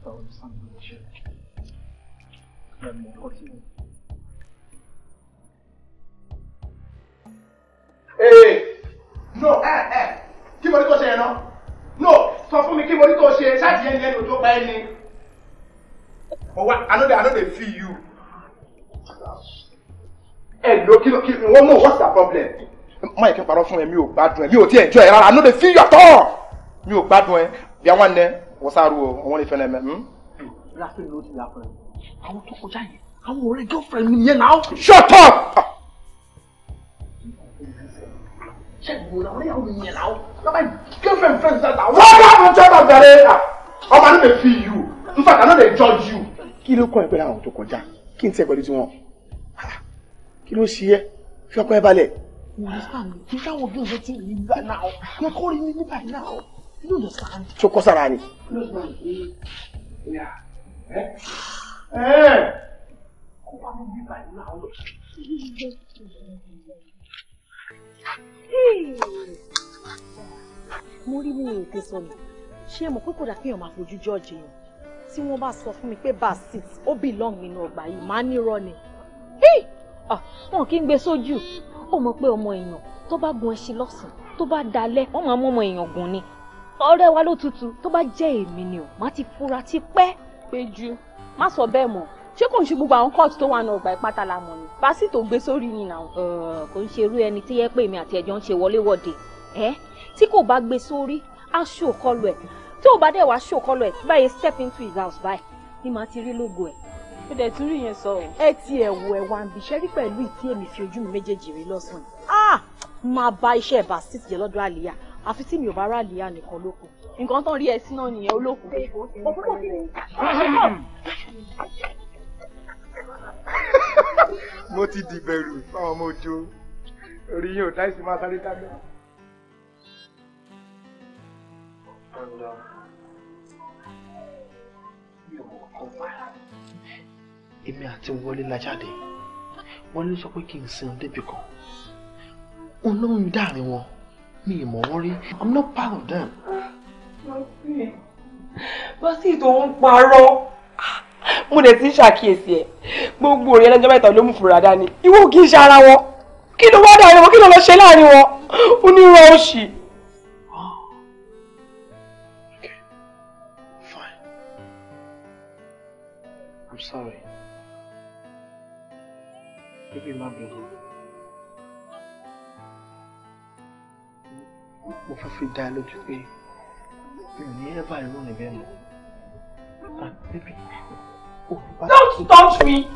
[SPEAKER 2] ẹ no ẹ eh, ẹ eh. kí mo ní kó
[SPEAKER 1] ṣe yẹn no sọ fún mi kí mo ní kó ṣe ṣáàtì yẹn yẹn tó pa ẹ ni. mo wá i no dey i no dey feel you. ẹ lo kí ló kí wọ́n mọ̀ what's the problem. má yẹ kí n parọ́ fún ẹ mi ò gbádùn ẹ mi ò tí ẹ̀ jọ ẹ rárá i no dey feel you at all mi ò gbádùn ẹ bí àwọn ẹ̀ wọ́n sáré o wọ́n lè fẹ́ ẹ mẹ́. Hmm? Hmm, láti ló ti yà fún ẹ àwọn tó kọjá yẹn àwọn ọ̀rẹ́ girlfriend mi yẹn náà. shut up. ṣé ìgbòho làwọn yàwó mi yẹn náà lọ́ba girlfriend friends náà tàwọn. wọ́n bá wọn jẹ́ bàbá rẹ̀ ọmọ náà lè fi yù in fact I no dey judge you. kí ló kọ́ ẹ pẹ̀lú àwọn tó kọjá kí n tẹ́ pẹ̀lú tiwọn kí ló ṣe yẹ fi ọkọ ẹ balẹ̀. you understand you can't work with wetin you need now you go call me now you understand. so kọ́ sára ni. you no understand. Eh?
[SPEAKER 2] kó
[SPEAKER 1] wá mú bíbá ìlú àwọn mo rí mi ètè sọnù ṣé mo pé kò dà kéèyàn máa fojú jọ́ọ̀jì yàn tí wọ́n bá sọ fún mi pé basit ó belong nínú ọgbà yìí máa nírọ́ ni ah, wọn kì í gbé sójú ó mọ̀ pé ọmọ èèyàn tó bá gun ẹṣin lọ́sàn tó bá dalẹ̀ wọ́n máa mú ọmọ èèyàn gùn ni ọ̀rẹ́ wa ló tutù tó bá jẹ́ èmi ni ò má ti fura ti pẹ́ péjú má sọ bẹ́ẹ̀ mọ́ ṣé kò ń ṣe gbogbo àwọn kóòtù tó wà náà ọgbà ìpátá la mọ̀ ni pásì tó gbé sórí ni nà. kò ń ṣe irú ẹni tí yẹ pé èmi àti ẹjọ́ ń ṣe wọléwọ̀de ẹ tí kò bá gbé sórí á ṣòkọlù ẹ tí ò bá dẹ̀ wá ṣòkọlù ẹ báyìí step into his house báyìí ni màá ti rí lógo ẹ. ó dẹ̀ tún rí yẹn sọ o. ẹ ti ẹ̀ wọ ẹ̀wà ń pẹ̀lú ìtí èmi fi ojú mi méjèèjì rí lọ́sàn-án. Ah! máa bá iṣẹ́ bàṣítì jẹ́ lọ́dọ̀ àlìyá àfi tí mi ò bá rà àlìyá nìkan lókun nǹkan tó rí ẹ sí náà nìyẹn olókùn. òkúkọ kí ni. mo ti dìbẹ̀rù fáwọn ọmọ òjò orí yóò táìsì máa sáré dábẹ́. èmi àti wọlé la jáde wọlé sọ pé kí n sin débi kan òun ló ń dáàrin wọn mi ì mọ̀ rí i'm not part of them bọ́sì tó ń parọ́ mo dẹ̀ ti ń ṣàkíyèsí ẹ̀ gbogbo òrìyẹn lọ́jọ́ mẹ́ta ló mú fura dání ìwọ kì í ṣe ara wọn kí ló wá dàrí wọn kí ló lọ ṣe láàrin wọn onírọ̀ òṣì. I'm sorry. Baby, my brother. Mo fẹ́ fi dá lójú pé You're Don't touch me!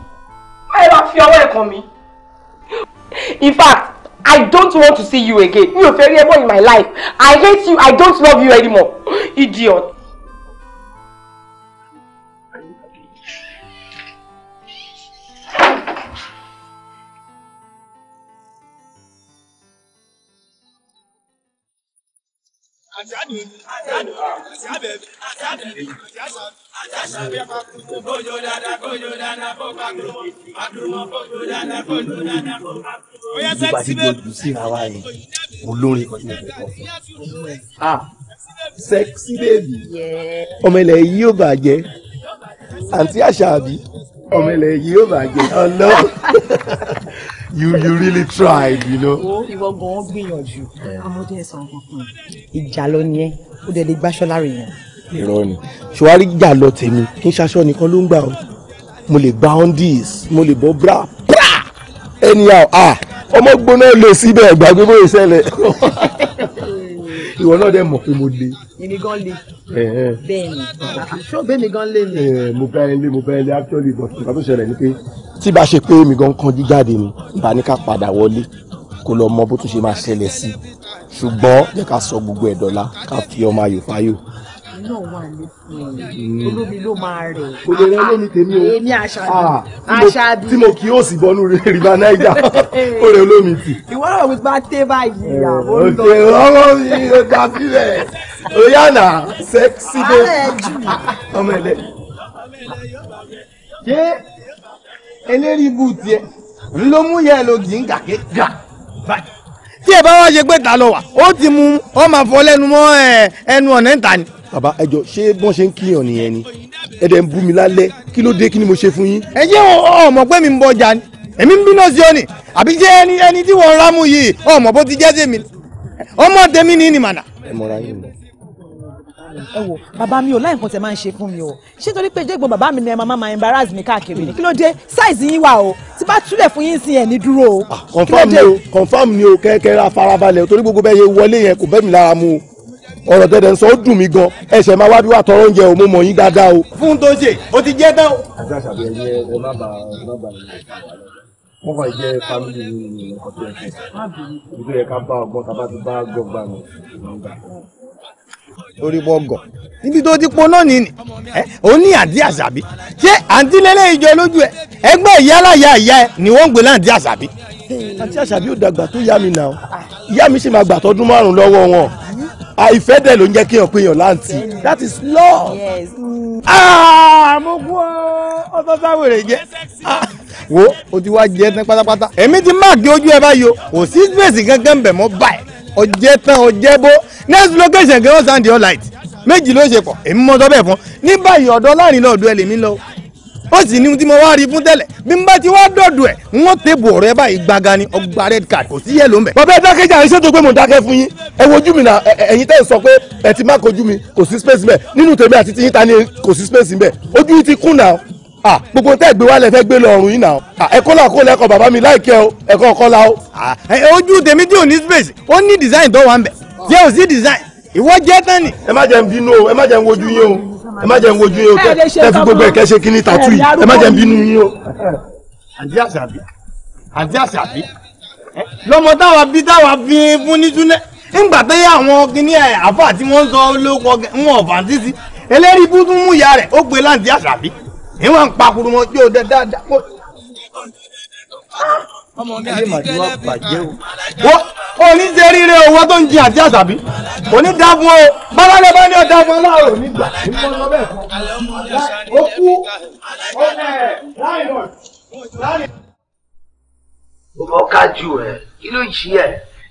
[SPEAKER 1] I ever fear you come In In fact, I don't want to see you again. You're very fẹ́ in my life. I hate you. I don't love you anymore. Idiot.
[SPEAKER 2] Bojo
[SPEAKER 1] dada, bojo dada, bo pakrumo, pakrumo, bojo dada, bojo dada, bo pakrumo. Nígbà tí gbogbo síra wa olórin kan tí sexy baby. Ọmọ ilẹ̀ yìí yóò bàjẹ́. Àǹtí Àṣàbí, ọmọ ilẹ̀ yìí yóò bàjẹ́. Ọlọ́run you you really tried you know. o ìwọ gan gbìyànjú. ọmọdé ẹsàn kankan. ìjà lọ ni ẹ ó dẹ̀ lè gbàṣọ lára èèyàn. irọ́ ni ṣùwárí jà lọ tèmi kí n ṣaṣọ nìkan ló ń gbà o mo lè gba undies mo lè bọ́ bra pra anyhow ah ọmọ gbóná lè síbẹ̀ gbàgbé bóyá ìṣẹ̀lẹ̀. ìwọ náà dẹ̀ mọ̀ pé mo le. èmi gan le. bẹ́ẹ̀ni ṣó bẹ́ẹ̀ni gan le ni. mo bá ẹ lé mo bá ẹ lé actually but nǹkan tó ṣẹlẹ̀ ni pé tí bá ṣe pé èmi gan kanjú jáde ni bá ní ká padà wọlé kó lọ mọ bó tún ṣe máa ṣẹlẹ̀ sí ṣùgbọ́n jẹ́ ká sọ gbogbo ẹ̀ dọ́là ká fi ọmọ ayò fáyò náà wà ní olómi
[SPEAKER 2] ló máa rẹ̀. kò lè rẹ olómi tèmi o ah, èmi àṣàbí ah, àṣàbí tí
[SPEAKER 1] mo kì í ó sì bọ́nú rìbá náírà ó rẹ olómi tì. ìwọ náà wípé bá tẹ báyìí ìyàwó eh, lọ. òkè ọmọ mi ò gbà sílẹ̀ oyana sexy de ọmọ ẹlẹ.
[SPEAKER 2] Ah,
[SPEAKER 1] ṣé eléyìí bù tiẹ̀ ló mú yẹ lóògì ń gà
[SPEAKER 2] kéka báyìí
[SPEAKER 1] tí ẹ bá wá ṣe pé ta lọ wà ó ti mú ọ máa fọ lẹ́nu mọ́ eh, ẹnu ọ̀nà ìta ni bàbá ẹjọ ṣé bọ́n ṣe ń kíyàn nìyẹn ni ẹ dẹ̀ ń bú mi lálẹ́ kí ló dé kí ni mo ṣe fún yín. ẹ jẹ́ ọmọ pé mi ń bọ ọjà ni èmi ń bínú sí ọ ni àbí jẹ́ ẹni ẹni tí wọ́n rámú yìí ọmọ bó ti jẹ́ tèmi ọmọ tèmi ni ni mànà. ẹ mọra yín mọ. ẹ wo bàbá mi ò láì nǹkan tẹ máa ń ṣe fún mi o ṣé torí pé jẹ́gbọ́n bàbá mi ni ẹ máa máa embarrass mi káàkiri ni kí ló dé size yín wà o tí bá túlẹ̀ fún yín sin ẹ̀ ní dúró o. Ah, confam ni o confam ni o kẹ́kẹ́ ra farabalẹ̀ torí gbogbo bẹ́ẹ̀ yẹ wọlé yẹn kò bẹ́ mi lára mu o ọ̀rọ̀ tẹ̀dẹ̀ ń sọ ó dùn mí gan ẹsẹ̀ máa wá bí wàá tọrọ oúnjẹ ò mo mọ̀ yín dáadáa o. fún tó ṣe o ti jẹ́ tán. wọ́n kàn jẹ́ fámìlì mi nǹkan tó yẹ kí n tó yẹ ká bá ọgbọ́n tá a bá ti bá gbọ́gbà mi orí bọ́gọ̀ níbi tó ti poná ni ni ó ní àǹtí àṣàbí ṣé àǹtí lélẹ́ ìjọ lójú ẹ ẹgbẹ́ ìyálàyà ìyá ẹ ni wọ́n ń gbé láǹtí àṣàbí. àǹtí àṣàbí ò dàgbà tó yá mi nà ó ìyá mi sì máa gbà tọdún márùn-ún lọ́wọ́ wọn àìfẹ́ dẹ̀ ló ń jẹ́ kí èèyàn péyàn láǹtì that is law. Yes. Ah, mo kú ọ tó sáwèrè jẹ ah, wo o ti wá jẹ tán pátápátá èmi ti máàkì ojú ẹ báyìí o kò sí gbèsè gángan bẹ̀ mọ́ báyìí ọjẹ́ tán ọjẹ́ bó next location gẹ́gẹ́ sandi all light méjì ló ṣe pọ̀ èmi mọ́ sọ bẹ́ẹ̀ fún ní báyìí ọ̀dọ́ láàrin lọ́ọ̀dún ẹ lèmi lọ ó sì ní tí mo wá rí fún tẹ́lẹ̀ bí n bá ti wá dọ̀dọ̀ ẹ̀ n ó tèbù ọ̀rẹ́ báyìí gbaga ni ọgbà red card kò sí yẹ ló ń bẹ̀. bàbá ẹ dákẹ́ jà iṣẹ́ tó pé mo dákẹ́ fún yín ẹ wojú mi náà ẹ̀yin tẹ́ ẹ sọ pé ẹ ti má kojú mi kò sí space bẹ́ẹ̀ nínú tèmi àti tiyín ta ni kò sí space bẹ́ẹ̀ ojú yìí ti kún náà ah gbogbo tẹ́ gbé wálẹ̀ fẹ́ gbé lọ́rùn yìí náà ah ẹ̀kọ́ là kó lẹ́kọ̀ọ́ bàbá mi láìkẹ́ o ẹ̀kọ́ ọkọ́ la o. ojú tèmi tí ò ní space ó ní design tó wà ń bẹ̀ tí ò sí design ìwọ jẹ́ tán ni. ẹ má jẹ́ n bínú o ẹ má jẹ́ n wojú yín o ẹ má jẹ́ ń wojú yín o kẹ́ fi gbogbo ẹ̀kẹ́ ṣe kíní tàtú yìí ẹ má jẹ́ ń bínú yín o. àǹtí àṣàbí àǹtí àṣàbí lọ́mọ táwa bí táwa fi fún ní túnẹ́ ńgbà tó yá àwọn kíní àfà tí wọ́n ń sọ lóko wọn ọ̀fà títí eléyìí bú tún mú ìyá rẹ̀ ó gbé láǹtí àṣàbí ìwọ̀n ń pa kurumọ́ tí ó dẹ́ dáadáa
[SPEAKER 2] ayé màdí wà bàjẹ́ o.
[SPEAKER 1] wọ́n òní jẹ́ rírẹ́ owó tó ń jin àti àṣàbí òní dàbọ̀ o bàbáńdé bá ní ọ̀dà fún aláàrò nígbà ní wọ́n lọ bẹ́ẹ̀ kọ́ ó kú ó ẹ̀ láì rọ̀ láì. kájú ẹ kí ló jí ẹ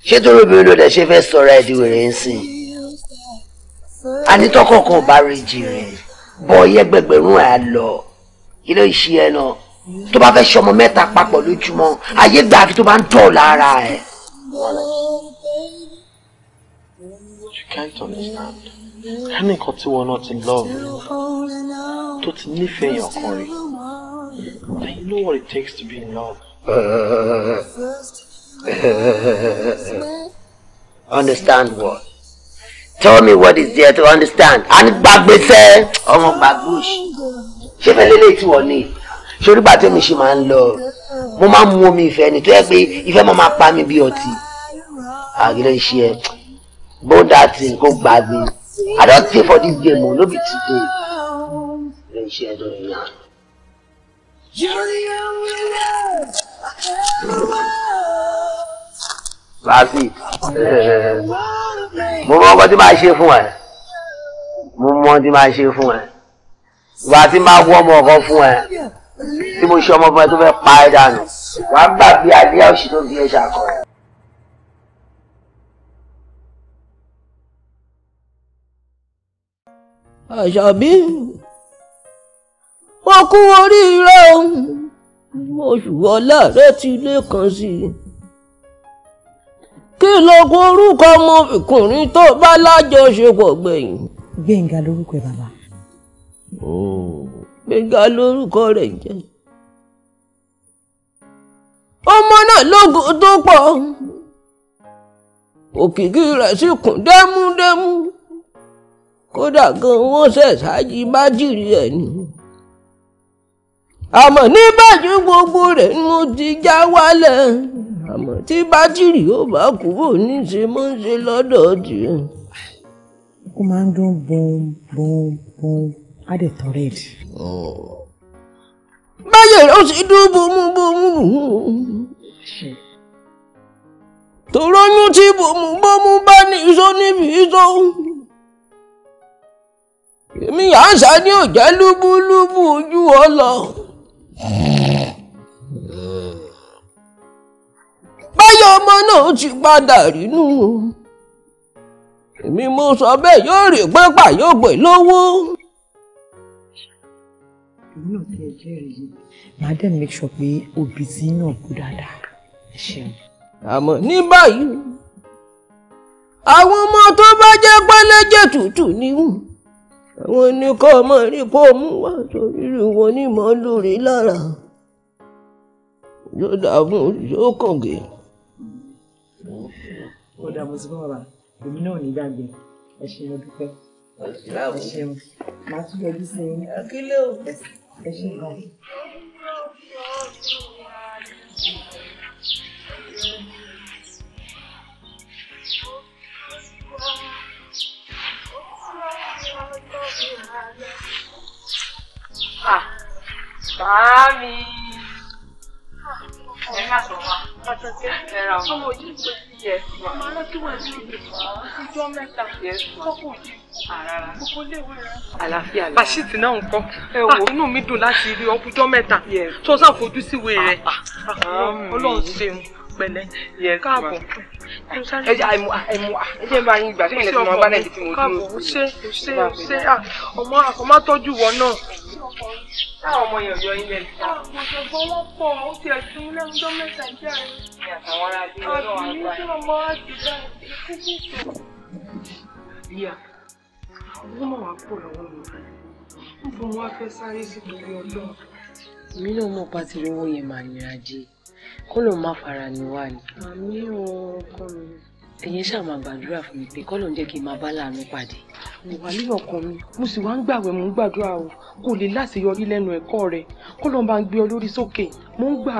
[SPEAKER 3] ṣé tó lóbi ló dẹ ṣe fẹ́ sọ̀rọ̀ ẹ di wèrè ń sìn
[SPEAKER 1] anitọkọkan bá rí jìnrìn bọ yẹgbẹgbẹrún ẹ lọ kí ló jí ẹ náà tó bá fẹ́ ṣe ọmọ mẹ́ta papọ̀ lójúmọ́ ayé gbà kí tó bá ń tọ̀ lára ẹ̀.
[SPEAKER 2] you can't understand
[SPEAKER 1] ẹnì kan tí wọn náà ti love tó ti nífẹ̀ẹ́ yàn kan rí then you know what it takes to be in love.
[SPEAKER 3] understand what tell me
[SPEAKER 1] what is there to understand and gbàgbé sẹ ọmọ gbàgbé òṣì ṣé fẹ́ lélẹ́yìí tí wọ́n ní sórí gbà tẹ́mi ṣe máa ń lọ mo máa ń mu omi ìfẹ́ ni tó yẹ pé ìfẹ́ máa máa pa mi bí ọtí àgílẹ̀ ṣe ẹ bó dáa tí kò gbà mí I don pay for this game o no be today
[SPEAKER 2] àgílẹ̀ ṣe ẹ lórí yàn.
[SPEAKER 3] Láti mo mọ ọkọ tí máa ṣe fún ẹ mo mọ tí máa ṣe fún ẹ ìgbà tí máa wọ ọmọ ọkọ fún ẹ tí mo ṣe ọmọ fún tó fẹ́ pa ẹ dànù wà á gbà bí àlíyá òṣì ló bí
[SPEAKER 1] ẹja
[SPEAKER 2] kan. àṣàbí mo
[SPEAKER 1] kú oríire oṣù ọlá rẹ ti lé kan sí i kí ló kó orúkọ ọmọkùnrin tó bá lájọṣepọ̀ gbẹ̀yìn. gbẹ̀ngà lórúkọ ẹ̀ bàbá.
[SPEAKER 2] ooo. Oh
[SPEAKER 1] gbẹ̀ngà lórúkọ rẹ̀ ń jẹ́ ọmọ náà lógo tó pọ̀ òkìkí rẹ̀ sì kún dẹ́múdẹ́mú kódà gan wọ́n ṣẹ̀ṣáájì májìrì ẹ̀ ni àmọ́ ní báyìí gbogbo rẹ̀ ni mo ti já wálẹ̀ àmọ́ tí bájìrì ó bá kú bò ní ṣe mo ń ṣe lọ́dọ̀ ó máa ń dún bọ́n bọ́n bọ́n á dẹ̀ tán rẹ́ẹ̀dì.
[SPEAKER 2] Oh. báyọ̀ ló ti dún bùmùbùmù.
[SPEAKER 1] tòrónú tí bùmùbùmù bá ní iṣó níbi iṣó. èmi à ń sáré òjá lúbúlúbú ojú ọ lọ. báyọ̀ ọmọ náà ti padà rínú èmi mo sọ bẹ́ẹ̀ yóò rè pé pàyọ́gbẹ̀ lówó èmi náà ti ẹ̀jẹ̀ rẹ̀ yìí. màá dẹ̀ make sure pé òbí tí náà kú dáadáa. ẹ ṣeun. àmọ́ ní báyìí àwọn ọmọ tó bá jẹ́ pẹ́lẹ́jẹ̀ tútù ni wọ́n àwọn ní kọ́ ọmọ rí kó mú wá torí rí wọn ní mọ́ lórí lára yóò dà fún yóò kàngé. ó dà mo ti fún bàbá èmi náà ní gbàgbé ẹ ṣeun dúpẹ́ ẹ ṣeun màá tún yọjú sí i ẹ ṣe
[SPEAKER 2] Ah, Mami. Ah, ẹ má sọ wá. Ọ̀tọ̀ tí
[SPEAKER 1] ẹ ra ọmọ ojú yẹ màá rántí wà ní ìjọ mẹ́ta kọ́kù
[SPEAKER 2] jí àràrà gbogbo léwé rẹ.
[SPEAKER 1] àlàáfíà la bàṣítì náà ń kọ́ ẹ wò ah, inú mi dùn láti rí ọkùjọ́ mẹ́ta tó sàfojú síwèé rẹ̀ ah, ah, ọlọ́run ṣeun pẹ̀lẹ́ káàbọ̀ ẹjẹ máa yin ìgbà sẹ́yìn lẹ́sìn máa bá lẹ́yìn tí mo dúró sí i. ṣé ṣé ṣé ọmọ àkọ́má tọ́jú wọ náà. táwọn ọmọ yẹn yọ ilẹ̀
[SPEAKER 2] ní. mo ṣe gbọ́wọ́ pọ̀ ó ti ẹ̀sìn mi lẹ́nu mẹ́ta jẹ́ àárín. àtàwọn ará bí ọlọ́run àgbà. àbí ṣé ọmọ wa
[SPEAKER 1] ìyá owó máa wà pọ̀ lọ́wọ́ mi níbo mo wá fẹ́ sáré sí torí ọlọ́run. mi náà mọ̀ pátí owó yẹn máa nira jẹ́ kó ló má fara ni wá ni. àmì ọkọ mi. ẹ̀yin ṣáà máa gbàdúrà fún mi pé kọ́ ló ń jẹ́ kí n máa bá láàánú pàdé. ìwà lílọ ọkọ mi mo sì wá ń gbàwẹ̀ mo ń gbàdúrà o kò lè láṣeyọrí lẹ́nu ẹ̀kọ́ rẹ̀ kó ló ń bá ń gbé ọ lórí sókè mo ń gbà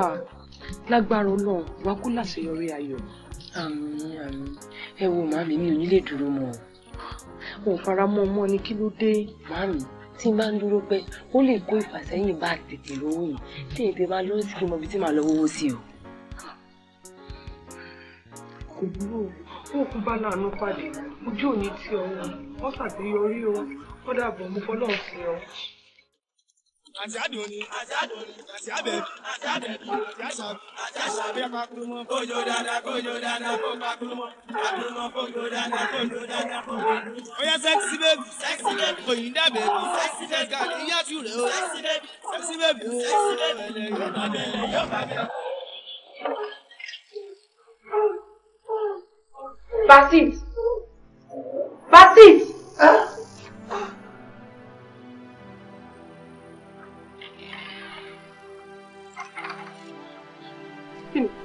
[SPEAKER 1] lágbára Ọlọ́run wá kó láṣeyọrí ayọ̀. àmì àmì ẹ wo màmí mi ò ní lè dúró mọ́ ọ ò fara mọ́ ọmọ ni kí ló dé màmí tí n bá ń dúró pẹ́ ó lè kó ìfàsẹ́yìn bá tètè lówó yìí tí èdè bá lọ sí kí mo fi tí màá lọ wọ́wọ́ sí o kò burú o òkú bá láàánú pàdé ojú òní tí ọ̀run wọ́n ṣàgbéyọrí o wọ́n dàbọ̀ mú fọ́lọ́ sí ọ. Oya sẹ́ksì bẹ́bí sẹ́ksì bẹ́bí òyìn dàbẹ̀ bí sẹ́ksì bẹ́bí kàlẹ́ yíyá o sẹ́ksì bẹ́bí sẹ́ksì bẹ́bí o ẹ̀lẹ́ yóò bá bẹ̀rẹ̀ yóò Basit. Basit.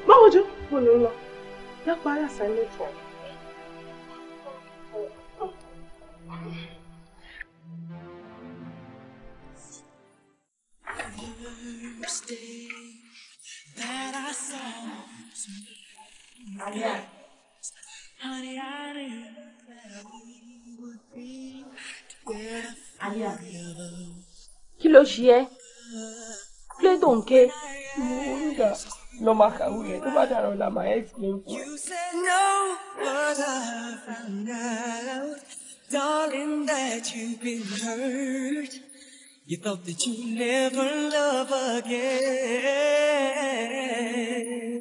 [SPEAKER 1] Báwo jẹ́? Mo lè lọ. Dápọ̀ ayé àṣà ilé ìfọ̀rọ̀. ẹ kúlẹ̀ tó
[SPEAKER 2] Darling, that you've been hurt. You thought that you'd never love again.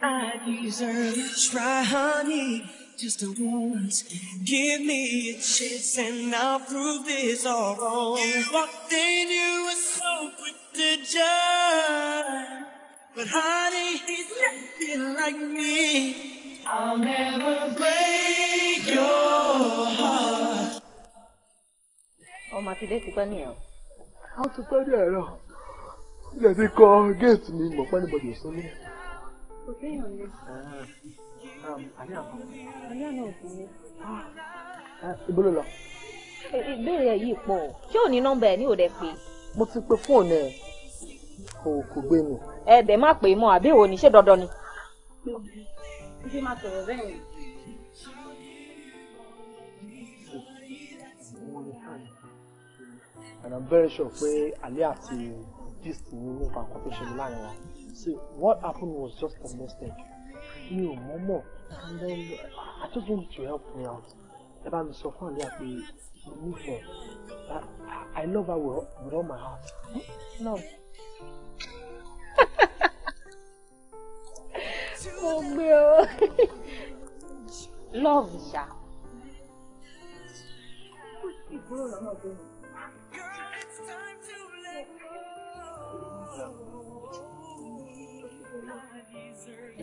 [SPEAKER 2] I deserve a try, honey just a once. Give me a chance and I'll prove this all wrong. You walked in, you were so quick to judge. But honey, he's nothing like me. I'll never break your heart. Oh ọmọ àti ilé ti pẹ́ nìyẹn.
[SPEAKER 1] a ti pẹ́ díẹ̀ náà go against me, but anybody mọ̀pẹ́ níbo me. sílẹ̀.
[SPEAKER 2] kò séèyàn ni. àríyá lọ. ìbéèrè yìí pọ̀
[SPEAKER 1] ṣé ò ní nọ́mbà ẹ̀ ní òde pé. mo ti pe fóònù ẹ kò kò gbé mi. ẹ dẹ̀ má pè é àbí òní ṣé dandan ni.
[SPEAKER 3] ṣé máa sọ̀rọ̀ bẹ́ẹ̀
[SPEAKER 1] and I'm very sure pé Ali àti this thing nípa competition láàrin wa. See, what happened was just a mistake mi ò mọ̀ọ́mọ̀ and then I just want to help me out ẹ bá mi sọ fún àlẹ́ àpè mo nífẹ̀ẹ́ I love her with all my heart.
[SPEAKER 2] No. mo gbé o love ṣá.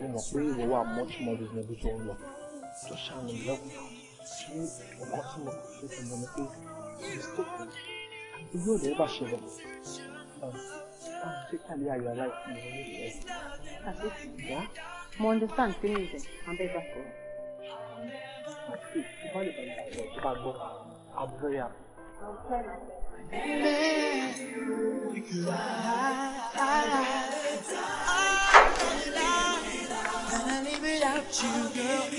[SPEAKER 2] mo mọ̀ pé ìwọ
[SPEAKER 1] wà much more reasonable tó ń lọ tó ṣàmì lẹ́kùn tí ọkọ tí mo kàn fi mọ̀ ni pé ìṣètò ìlú òde bá ṣe lọ báwo ṣe kàlẹ́ ayọ̀ aláìsí ìwọ ní ìrẹsì àti ìyá.
[SPEAKER 3] mo understand kí ni ìṣẹ̀ abẹ́bà sọ.
[SPEAKER 1] ìbálẹ̀ bá yàrá rẹ̀ tó bá gbọ́ àbúrò yà.
[SPEAKER 2] Make love. you, girl.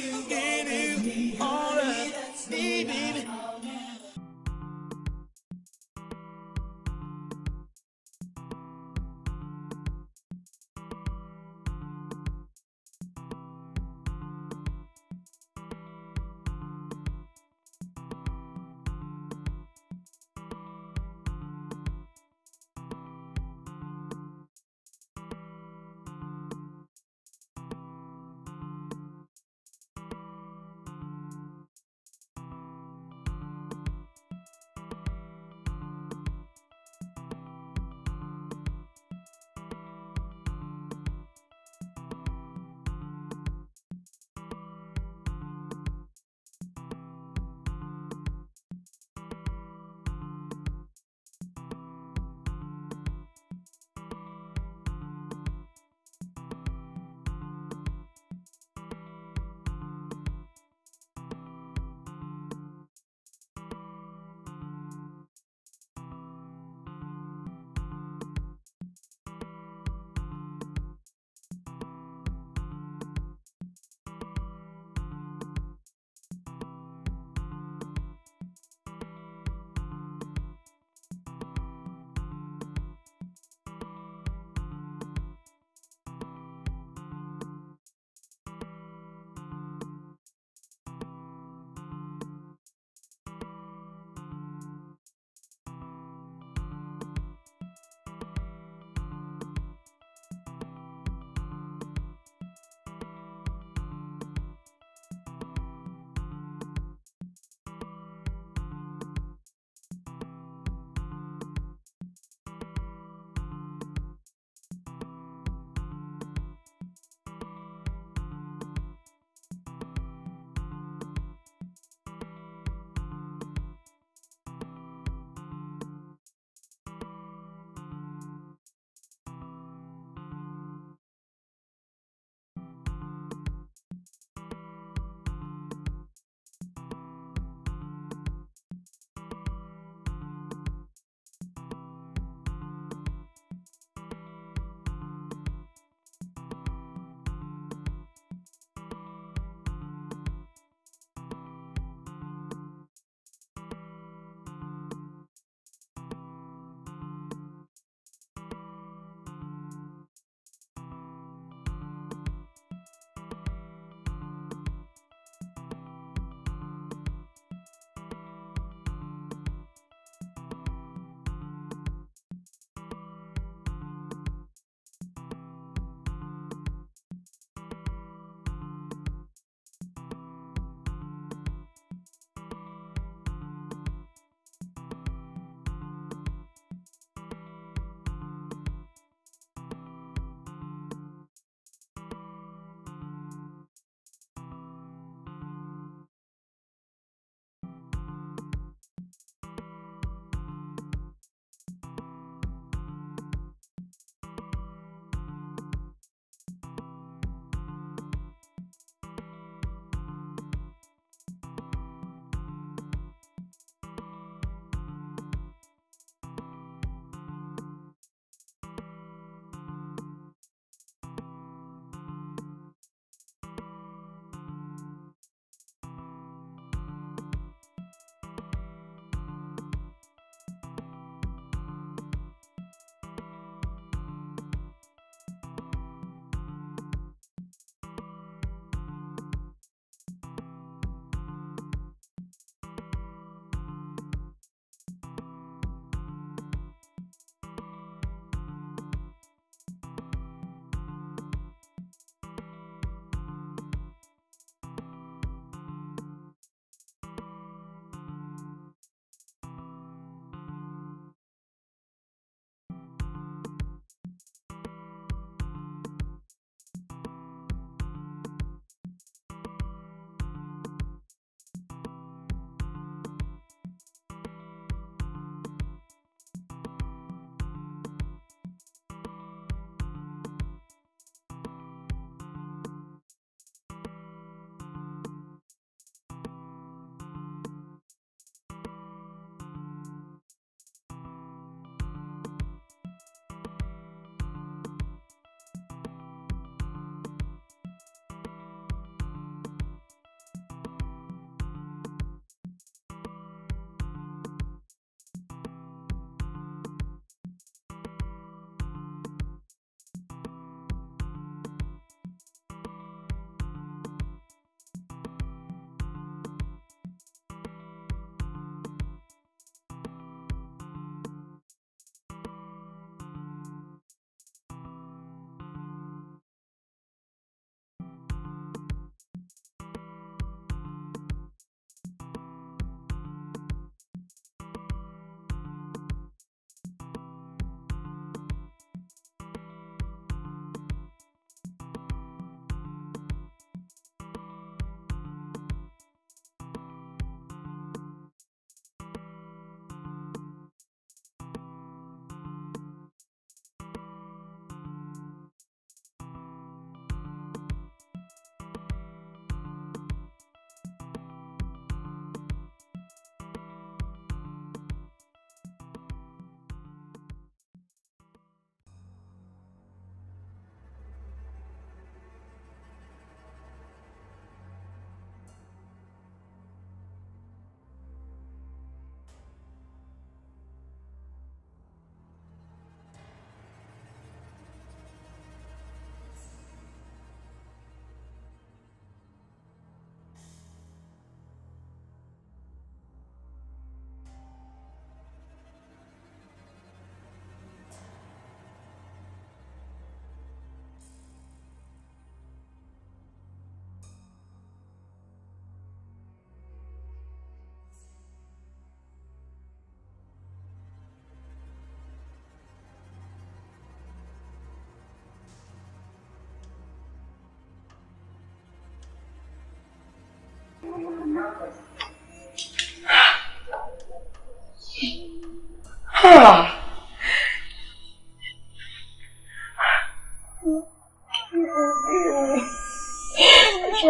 [SPEAKER 2] Ṣé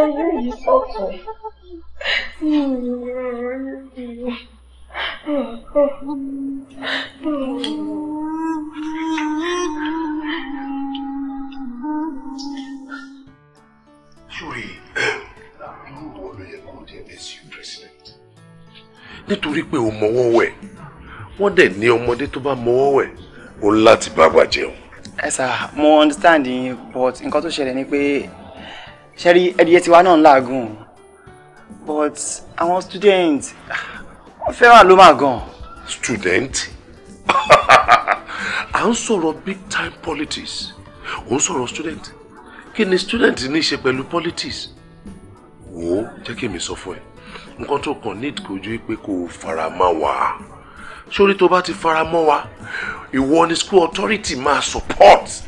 [SPEAKER 2] ojú yìí sọ̀tọ̀?
[SPEAKER 1] wọ́n dẹ̀ ní ọmọdé tó bá mọwọ́ wẹ̀ ó láti bá wa jẹun. ẹ sà mo understand but nǹkan tó ṣẹlẹ̀ ni pé ṣe rí ẹdíyẹ tiwa náà ń but àwọn student wọ́n fẹ́ràn ló máa gan. student à ń sọ̀rọ̀ big time politics ò ń sọ̀rọ̀ student kí ni student ní í ṣe pẹ̀lú politics wò ó jẹ́ kí èmi sọ fún ẹ nǹkan tó kàn ní ìdíkojú pé kò fara máa wà á sórí tó bá ti fara mọ́ wa ìwọ ni school authority máa support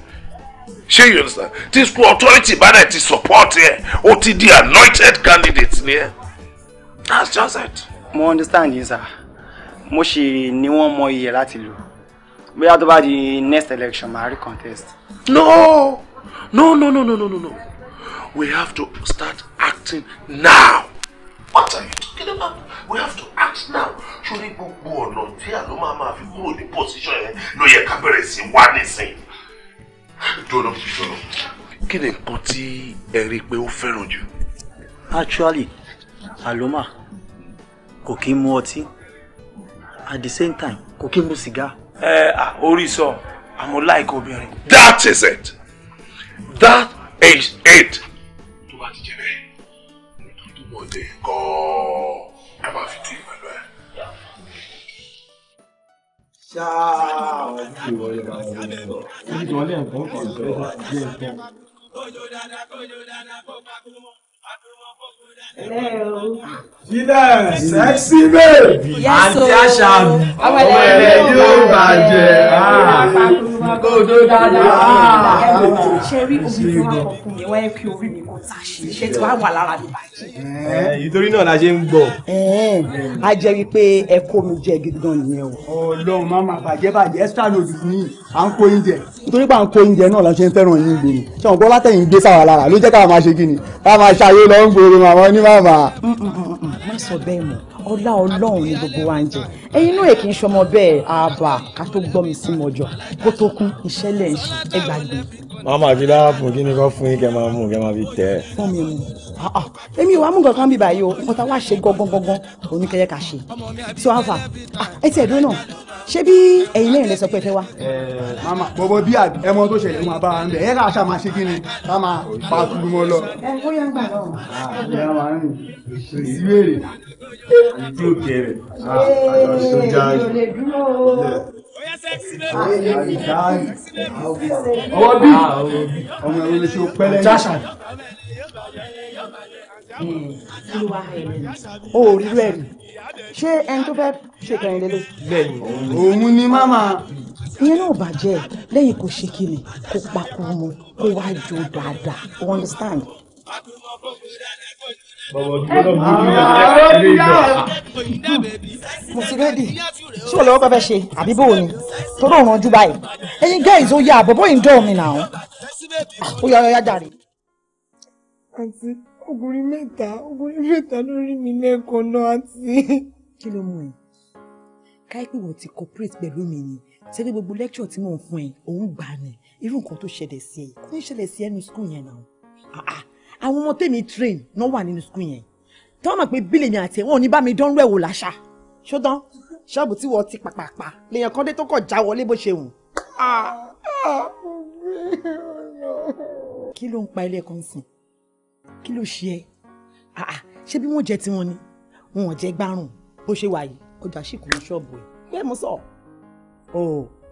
[SPEAKER 1] ṣé you understand tí school authority bá dẹ̀ ti support ẹ o ti di anointed candidate ni ẹ that's just it. mo understand yín sir mo ṣì ni wọ́n mọ iye láti lò bóyá tó bá di next election màá rí contest. no no no no no no no we have to start acting now. what are you talking about we have to act now sórí gbogbo ọ̀nà tí àlọ́ máa máa fi kúrò ní pòsíṣọ̀ yẹn ló yẹ ká bẹ̀rẹ̀ sí wá nísìn.
[SPEAKER 3] dọ́nà dọ́nà kí ni nǹkan tí ẹ rí i pé ó fẹ́ràn jù. actually aloma kò kí ń mu ọtí at the same time kò kí ń mu sìgá.
[SPEAKER 1] ẹ à orí sọ àmọ́ láìka obìnrin. that is it that is it. tó bá ti jẹ bẹ́ẹ̀ ló dúdú mọ́ ọdẹ gan-an a máa fi tí ì pẹ̀lú ẹ̀. ṣáà ojú
[SPEAKER 2] ìwọlé máa ń wọlé lọ
[SPEAKER 1] ojú ìwọlé ẹ̀gbọ́n kan bẹ̀rẹ̀ láti dé tá a ṣe iṣẹ́ tí wàá wà lára mi báyìí. nítorí náà la ṣe ń gbọ́. Eh, a jẹ́ wípé ẹ kó mi jẹ gidigan nìyẹn o. ọlọ́run má má bàjẹ́ bàjẹ́ extra load ni à ń kó oúnjẹ. nítorí pé à ń kó oúnjẹ náà la ṣe ń fẹ́ràn yín gbé ni ṣé wọn gbọ́ látẹ̀yìn gbé sáwà lára ló jẹ́ ká máa ṣe kí ni ká máa ṣayé lọ ń gbòòrò màmá ní màmá. má sọ bẹ́ẹ̀ mọ́ ọlá ọlọ́run ni gbogbo wa ń jẹ ẹyin náà kì í ṣọmọ bẹ́ẹ̀ àbà ká tó gbọ́ mi sí mọ́jọ kó tó kún iṣẹ́ lẹ́ ń ṣe ẹ gbàgbé wọn máa fi lára kí ni kò fún yín kẹ máa mú kẹ máa fi tẹ. fún mi mu èmi ò wá mú kankan bí báyìí o nǹkan tá a ṣe gangan gangan oníkẹyẹ ká ṣe so afa ẹ ti ẹdun náà ṣé bí ẹ̀yin lẹ́yìn lẹ sọ pé ẹ fẹ́ wá. mama gbogbo bí ẹmọ tó ṣẹlẹ̀ máa bá wa ń bẹ̀ ẹ káà ṣáà máa ṣe kí ni ká máa pa tuntun mọ́ lọ.
[SPEAKER 3] ẹ kó yẹn gbà lọ. ẹ wà á rẹ̀ ìdúró kẹrẹ̀ àjọ
[SPEAKER 2] ọwọ́ bí
[SPEAKER 1] ọmọ ìwé ṣe pẹ́lẹ́ jáṣà. o ò rírọ ẹ̀rí ṣé ẹni tó fẹ́ẹ́ ṣèkẹrin
[SPEAKER 2] lélẹ̀. òun
[SPEAKER 1] ni màmá. ìyẹn náà bàjẹ́ lẹ́yìn kò ṣe kí ni kó pakuru mu kó wá jó dáadáa you understand mo ti rẹ́dì ṣé o lọ́wọ́ bẹ́ẹ̀ ṣe àbí bò ni torí òun ojú báyìí ẹ̀yin guys ó yá àbọ̀ bóyá ń dọ̀ mí nà ó ah, ó yá ọyá jàre. àǹtí ọkùnrin mẹ́ta ọkùnrin mẹ́ta lórí mi lẹ́ẹ̀kan náà àǹtí. kí ló mú ẹ káyipẹ wo ti cooperate pẹ̀lú mi ni ṣebí gbogbo lecture tí mò ń fún ẹ òun gbà ni irú nǹkan tó ṣẹlẹ̀ sí ẹ kò ní ṣẹlẹ̀ sí ẹnu school yẹn náà ah, ah àwọn ọmọ tèmi train náà wà nínú skul yẹn tí wọ́n mọ̀ pé bílẹ̀ mi àti wọn ò ní bá mi dánrú ẹ̀ wò láṣà ṣódán ṣọ́ọ̀bù tí wọ́n ti pàpàpà lèèyàn kan dé tó kọ̀ já wọlé bó ṣe wù. kí ló ń pa ilé ẹ̀kọ́ ń sìn kí ló ṣe ẹ́ ṣé bí wọ́n jẹ tiwọn ni wọn ò jẹ gbárùn bó ṣe wà yìí ọjà sì kún ṣọ́ọ̀bù ẹ̀ bẹ́ẹ̀ mo sọ.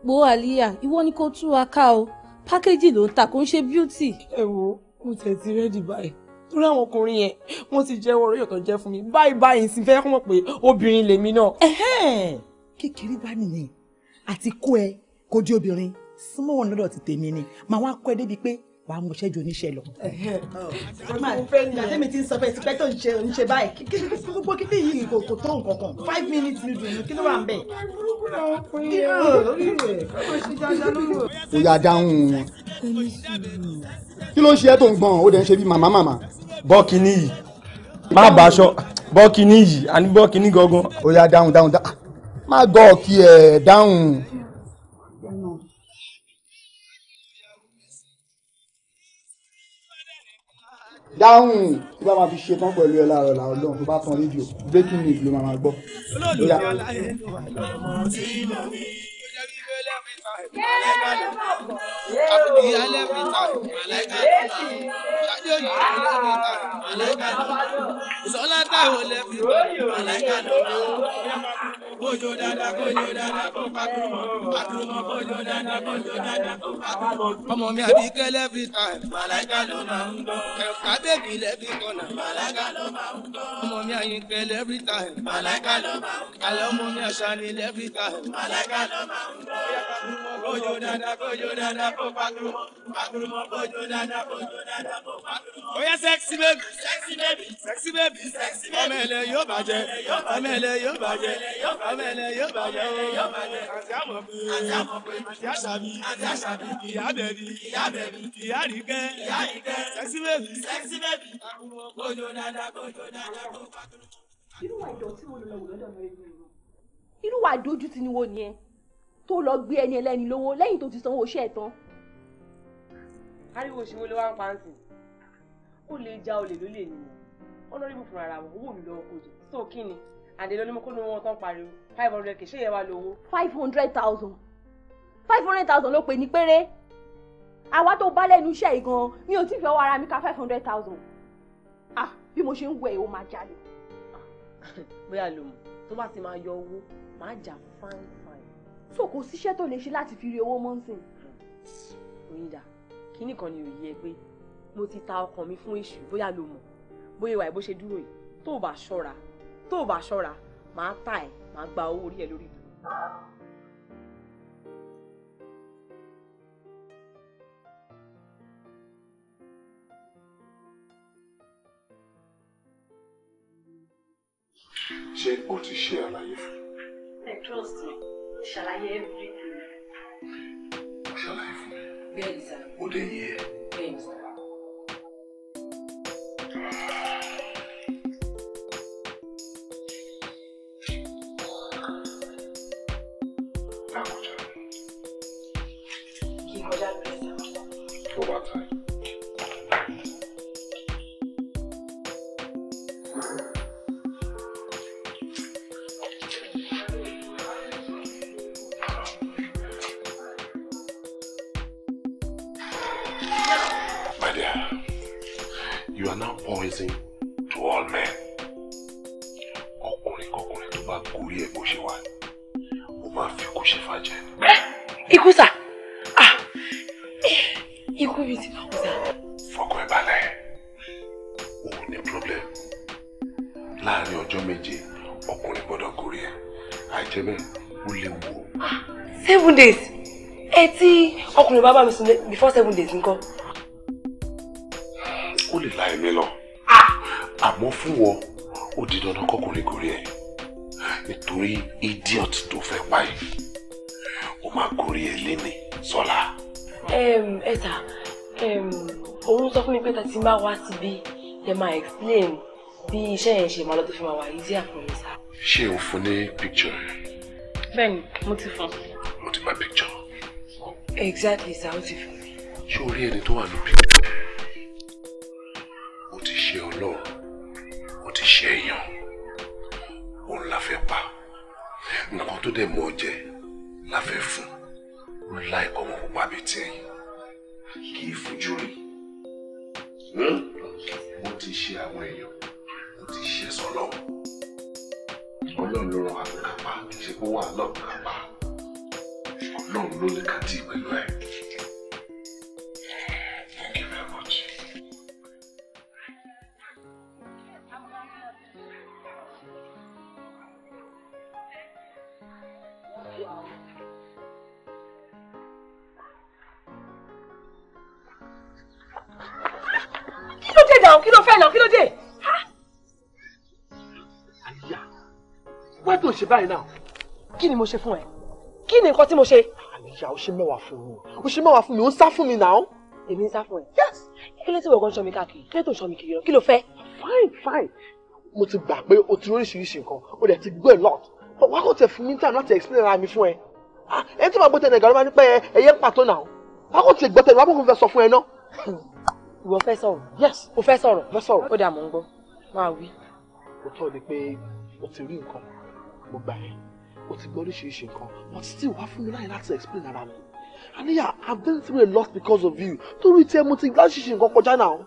[SPEAKER 1] gbọ́ àlíyà ìwọ ni kò tú wa ká o pákéjì ló ń ta kò ń ṣe bíútì. ẹ wo mo tẹ̀ ti rẹ́dì báyìí torí àwọn ọkùnrin yẹn wọ́n ti jẹ́wọ́ orí ọ̀tọ̀ jẹ́ fún mi báyìí báyìí sì fẹ́ kọ́ mọ̀ pé obìnrin lèmi náà. kékeré bá nìyẹn àti kó ẹ kó di obìnrin súnmọ́ wọn lọ́dọ̀ ti tèmi ni màá wá kọ́ ẹ débi pé wàá mú ṣẹ́jú oníṣẹ́ lọ. àtẹ́mi ti ń sọ bẹ́ẹ̀ tipẹ́ tó ń ṣe oníṣẹ́ báyìí kí gbogbo kí ni yìí kò tó nǹkan kan five minutes ni dùn kí ló wà ń bẹ̀. ó yá dáhùn wọn kí ló ń ṣe ẹ́ tó ń gbọ̀n ó dẹ̀ ń ṣe bí màmá màmá. bọ́ọ̀kì ni yìí má bá aṣọ bọ́ọ̀kì ni yìí àní bọ́ọ̀kì ni gangan. ó yá dáhùn dáhùn dáhùn ah, má gọ́ọ̀kì ẹ̀ dáhùn. dáhùn tó bá máa fi ṣe tán pẹ̀lú ẹ láàárọ̀ làárọ̀ lọ́hùn tó bá tan rédíò breaking news ló máa máa gbọ́. olóòjò ni aláìní
[SPEAKER 2] ọmọ tí mo ní. Sọlá
[SPEAKER 1] táwọn lè fi màláìka lọ́wọ́. Bójó dada bójó dada kó pàkúrò. Pàkúrò bójó dada bójó dada kó pàkúrò.
[SPEAKER 2] Ọmọ mi Àbíkẹ́
[SPEAKER 1] lè fi tà màláìka ló máa ń gbọ́. Ẹ̀ka bèbí lè fi kọ̀nà màláìka ló máa ń gbọ́. Ọmọ mi Àyìnkẹ́ lè fi tà màláìka ló máa ń gbọ́. Àlọ́ ọmọ mi Àṣàní lè fi tà màláìka ló máa ń gbọ́ kojo dada kojo dada ko pakurumọ pakurumọ kojo dada oya sexy baby sexy baby sexy baby sexy baby. ọmọ ẹlẹ yóò bàjẹ́ ọmọ ẹlẹ yóò bàjẹ́
[SPEAKER 2] ọmọ ẹlẹ yóò bàjẹ́ o.
[SPEAKER 1] àti àmọ̀ pé àti àṣàbí àti àṣàbí ìyá bẹ̀bí ìyá bẹ̀bí ìyá rìkẹ́ ìyá rìkẹ́ sexy baby sexy baby. kojo dada kojo dada ko pakurumọ. irú wa ìdọ̀tí wo ló lọ wò lọ́dọ̀ mẹ́rin mi rò irú wa ìdójútì ni wo ni ẹ tó lọ gbé ẹni ẹlẹ́ni lówó lẹ́yìn tó ti sanwó iṣẹ́ ẹ̀ tán. ariwo ìṣòwò ló wá ń pa á sìn ó lè já olè ló lè ní ọlọ́rìbù fúnra ara wọn owó mi lọ́wọ́ kò jù so kí ni àdé ló ní mo kó ní wọn tán pariwo five hundred kì í ṣe yẹ wa lówó. five hundred thousand five hundred thousand ló pè ní péré àwa tó bá lẹ́nu iṣẹ́ yìí gan-an mi ò tí ì fi ọwọ́ ara mi ka five hundred thousand ah bí mo ṣe ń wẹ̀ ó máa jalè. Ah, bóyá lòun tó bá ti máa yọ owó máa jà fáńtì so kò síṣẹ́ tó lè ṣe láti fi rí owó mọ́ǹsìn. oyinda kínní kan ni òye ẹ pé mo ti ta ọkàn mi fún èṣù bóyá lo mọ̀ bóyá ìwà ẹ bó ṣe dúró yìí tó o bá ṣọ́ra tó o bá ṣọ́ra màá tà ẹ màá gba owó orí ẹ lórí
[SPEAKER 2] ìdúró. ṣé o ti ṣe àlàyé fún mi.
[SPEAKER 1] ẹ trust me ṣàlàyé everything. ṣàlàyé fún mi. bẹ́ẹ̀ ni What do you hear? bá bá mi sùn before seven days ńkọ́. ó lè la ẹ̀mí lọ ah! àmọ́ fún wọ ó di dandan kọkùnrin gòrí ẹ̀ nítorí idiot tó fẹ́ pa ẹ̀ ó máa gòrí ẹ̀ léni sọ́la. ẹ sà òun sọ fún mi pé tàtí máa wá síbí ẹ máa explain bí iṣẹ́ yẹn ṣe máa lọ tó fi máa wà easy àfọ̀mísà. ṣé o fún ní picture. bẹ́ẹ̀ni mo ti fún un exactly sàwùtì fún mi. ṣé o rí ẹni tó wà lóbi mo ti ṣe ọlọ́run mo ti ṣe èèyàn òun la fẹ́ pa nǹkan tó dẹ̀ mú ọ jẹ la fẹ́ fún un láì ọmọ pupa bíi tẹ̀yìn kì í fojú rí hmm? mo What is she èèyàn mo ti ṣe sọlọ́run ọlọ́run ló ràn àbúkápá
[SPEAKER 2] ṣe kó wà lọ́kàpá ọlọ́run ló ní ká tí pẹ̀lú ẹ̀. Thank you very much. kí ló
[SPEAKER 1] dé báyìí náà kí ni mo ṣe fún ẹ kí ni nǹkan tí mo ṣe. àníyá o ṣe mẹ́wàá fún mi o ṣe mẹ́wàá fún mi o ń sá fún mi náà. èmi ń sá fún ẹ. yes. kí ló ti wọ̀ kan ṣọ́ mi káàkiri kí ló tó ṣọ́ mi kiri lọ kí ló fẹ́. fine fine mo ti gbà pé o ti oríṣiríṣi nǹkan o dẹ̀ ti gbé lot but wá kò tẹ̀ fún mi time láti explain ara mi fún ẹ. Ah, ẹni tí màá gbọ́ tẹ̀lé gàdúrà nípa ẹyẹ pàtó náà wá kò tẹ̀ gbọ́ tẹ̀lé wá kò fẹ́ sọ fún ẹ náà. ìwọ fẹ́ sọ̀rọ̀. o fẹ́ sọ̀rọ̀. fẹ́ sọ̀rọ̀. ó dà mò ń gbọ́ o ti rí nǹkan mo gbà yẹn ó ti gbọ́ oríṣiríṣi nǹkan but still wá fún mi láyé láti explain ara mi and yeah I've been through a lot because of you torí tí ẹ mo ti gbáṣíṣe nǹkan kọjá náà.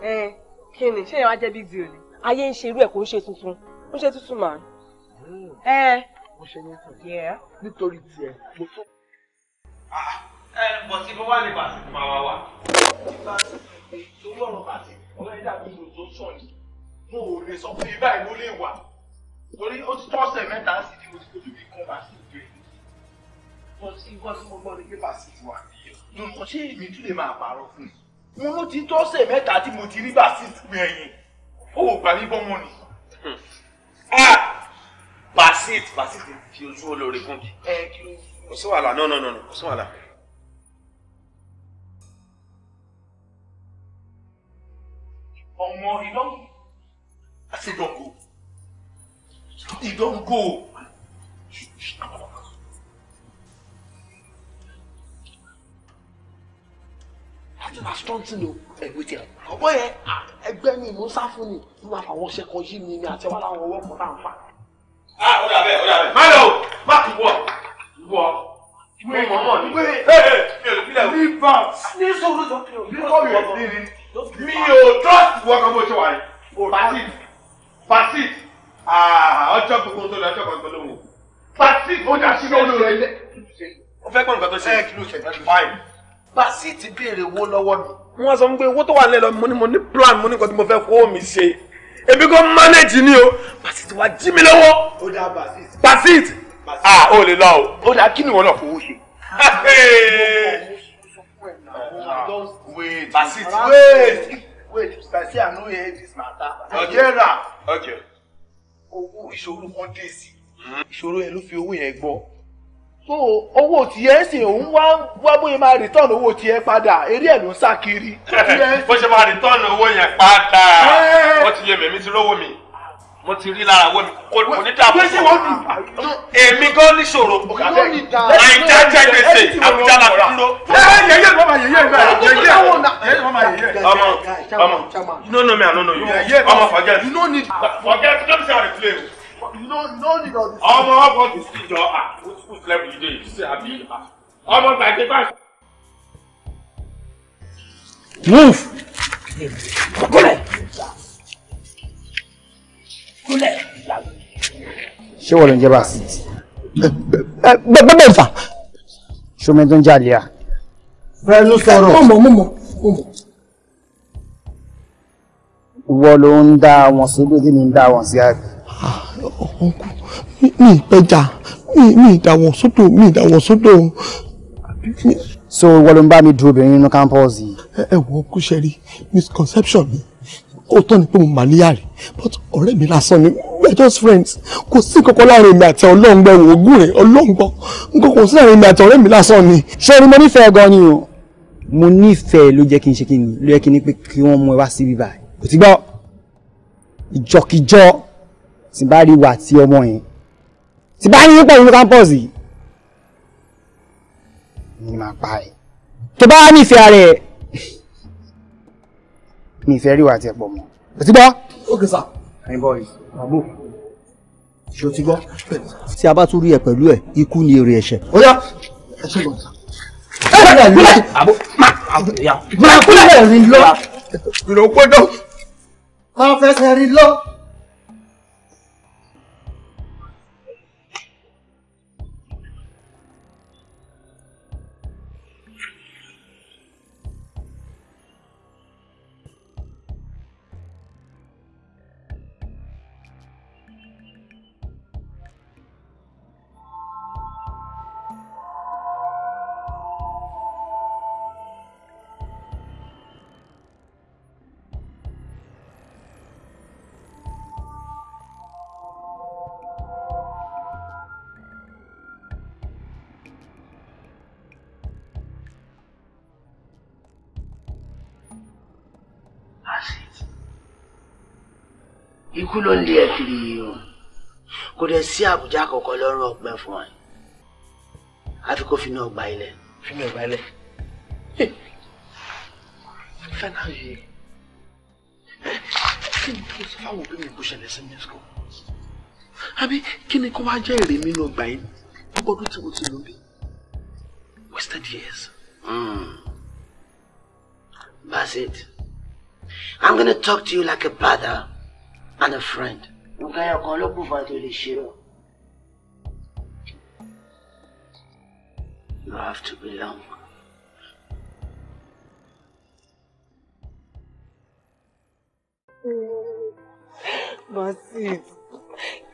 [SPEAKER 1] ẹ kí ni ṣé ìwà jẹ́ big deal ni ayé ń ṣe irú ẹ̀ kò ń ṣe tuntun ń ṣe tuntun mà. Hmm. ẹ mo ṣe ní tẹ̀ nítorí tiẹ̀ mo tún. Ah, ẹ bọ̀ sí bó wà ní bàtí ni màá wá wà. nígbà tó lọ́rùn bàtí ọ̀rẹ́ dàbí ìlú tó sàn ní mo ò lè sọ pé ibà ìlú wà torí ó ti tọ́sẹ̀ mẹ́ta sí ni mo ti fojú mi kún bàṣíìtì rẹ̀ mo ti gbọ́ tí mo gbọ́ ni pé bàṣíìtì wà nìyẹn nǹkan ṣé èmi tún lè máa pààrọ̀ fún un mo ló ti tọ́sẹ̀ mẹ́ta tí mo ti rí bàṣíìtì gbẹ̀yìn ó wò gbà mí bọ́mọ ni.
[SPEAKER 2] bàṣíìtì hmm.
[SPEAKER 1] ah! bàṣíìtì fi ojú olóore gùn bí. kò sí wàhálà no no no kò sí wàhálà. ọmọ ìlọ́wọ́ àti ìdọ̀kọ̀. He don't go. na strong thing o ẹgbẹ wait here. ọmọ yẹn ah, ẹgbẹ ni mo sá fún ni mo máa fà wọn ṣe kọ yí mi ni àti wọn làwọn ọwọ́ kan náà fà. a ah, ó dà bẹ́ẹ̀ ó dà bẹ́ẹ̀ má lọ o Wait, kì Hey, wọ wọ ìwé ìmọ̀ náà ni wé ní bá ní sọ̀rọ̀ Me kí o bí kọ́ mi ò ní ni mi ò trust wọ́n kan bó ṣe wà yìí patit patit. Ah, ọjọ́ gbogbo tó lọ ọjọ́ kan gbọ́dọ̀ wò. Patrick ó dá sí lọ́dọ̀ rẹ̀. Ó fẹ́ gbọ́ nǹkan tó ṣe. Ẹ kìlọ̀ ṣẹ̀dá ní báyìí. Basit béèrè owó lọ́wọ́ mi. Wọ́n sọ pé owó tó wà lẹ́lọ mo ní mo ní plan mo ní nǹkan tí mo fẹ́ fowó mi ṣe. Èmi kò manage ni o. Basit wá jí mi lọ́wọ́. Ó dá Basit. Basit. À ó lè lọ o. Ó dá kí ni ìwọ náà fowó ṣe? Basit. Wait. Wait. Basit, I know you hate this matter. Okay. Okay owó ìṣòro kan dé sí hmm. ìṣòro yẹn ló fi owó yẹn gbọ́ so owó tiẹ̀ sì ń wá wá bóyá máa return owó tiẹ̀ padà eré ẹ̀ ló ń sá kiri. bó ṣe máa return owó yẹn padà eh. ó ti yẹ mẹ̀mí sí lówó mi mo ti rí lára wẹ́mi kò ní dà fún mi. èmi gan ní ṣòro àìjá jẹ́ gbèsè àbújá la fi dúró. yẹ́yẹ́ yẹ́yẹ́ mama yẹ́yẹ́ mama yẹ́yẹ́ mama yẹ́yẹ́. ọmọ ọmọ no no me i no know you ọmọ forget forget don't say i dey play o. ọmọ ọgbọ ti sí jọ ah which level you dey you see abi ah. ọmọ gbàgbé bá.
[SPEAKER 2] move
[SPEAKER 3] gúnlẹ̀.
[SPEAKER 1] ṣé wọ́n ló jẹ́ bá sí i. bẹ́ẹ̀ bẹ́ẹ̀ fà. ṣomi tó ń jà lẹ́yà. bẹ́ẹ̀ ló sọ̀rọ̀. mo mọ̀ mo mọ̀ mo mọ̀. ìwọ ló ń dá wọn sí bí mi ń dá wọn sí àgbẹ̀. ọkùnkùn mi ìpẹja mi ìdá sódò mi ìdá sódò so wọ́n ló ń bá mi dúró obìnrin nínú campus yìí. ẹ wọ kúṣẹ́rí misconception mi òótọ́ ni pé mo mà níyà rẹ̀ but ọ̀rẹ́ mi lásán ni we are just friends kò sí kankan láàrin mi àti ọlọ́ngbọ́n òògùn rẹ̀ ọlọ́ngbọ́n nǹkan kò sí láàrin mi àti ọ̀rẹ́ mi lásán ni. ṣé orí mo nífẹ̀ẹ́ gan ni o mo nífẹ̀ẹ́ ló jẹ́ kí n ṣe kí ni ló yẹ kí ni pé kí wọ́n mú ẹ wá sí bíbá kò ti gbọ́ ìjọkíjọ tí bá rí wà tí ọmọ yẹn tí bá rí pẹ̀lú campus yìí ni màá pa ẹ̀ tó bá wá nífẹ̀ẹ́ mi ìfẹ́ rí wa àti ẹ̀pọ̀ mọ́ o ti gbọ́. ókè sá. ẹyin bọ́ọ̀lì bàbá ṣé o ti gbọ́. tí a bá tún rí ẹ pẹ̀lú ẹ ikú ni èrè ẹ̀ṣẹ̀. ó yá ẹ ṣe gbọ́n. ẹ ẹ kúlẹ̀ àbò máa kúlẹ̀ rìn lọ. ìròpọ̀ dọ̀. máa fẹsẹ̀ rìn lọ.
[SPEAKER 3] ikú ló ń lé ẹ kiri yìí o kò dẹ̀ sí àbújá kọ̀ọ̀kan lọ́rùn ọ̀pẹ fún ẹ àfi kó finú ọgbà ilẹ̀. finú ọgbà ilẹ̀ fẹ́nà yìí
[SPEAKER 1] kí ni kí n sọ fáwọn òbí mi kó ṣẹlẹ̀ sí mi sọ àbí kí ni kó wá jẹ́ èrè mi nínú ọgbà yìí gbogbo ọdún tí mo ti lò bí wasted years.
[SPEAKER 3] Mm. That's it. I'm gonna talk to you like a brother and a friend. nǹkan ẹ̀yọ̀ kan ló kù fún àti olè
[SPEAKER 2] You have to belong.
[SPEAKER 1] Masit,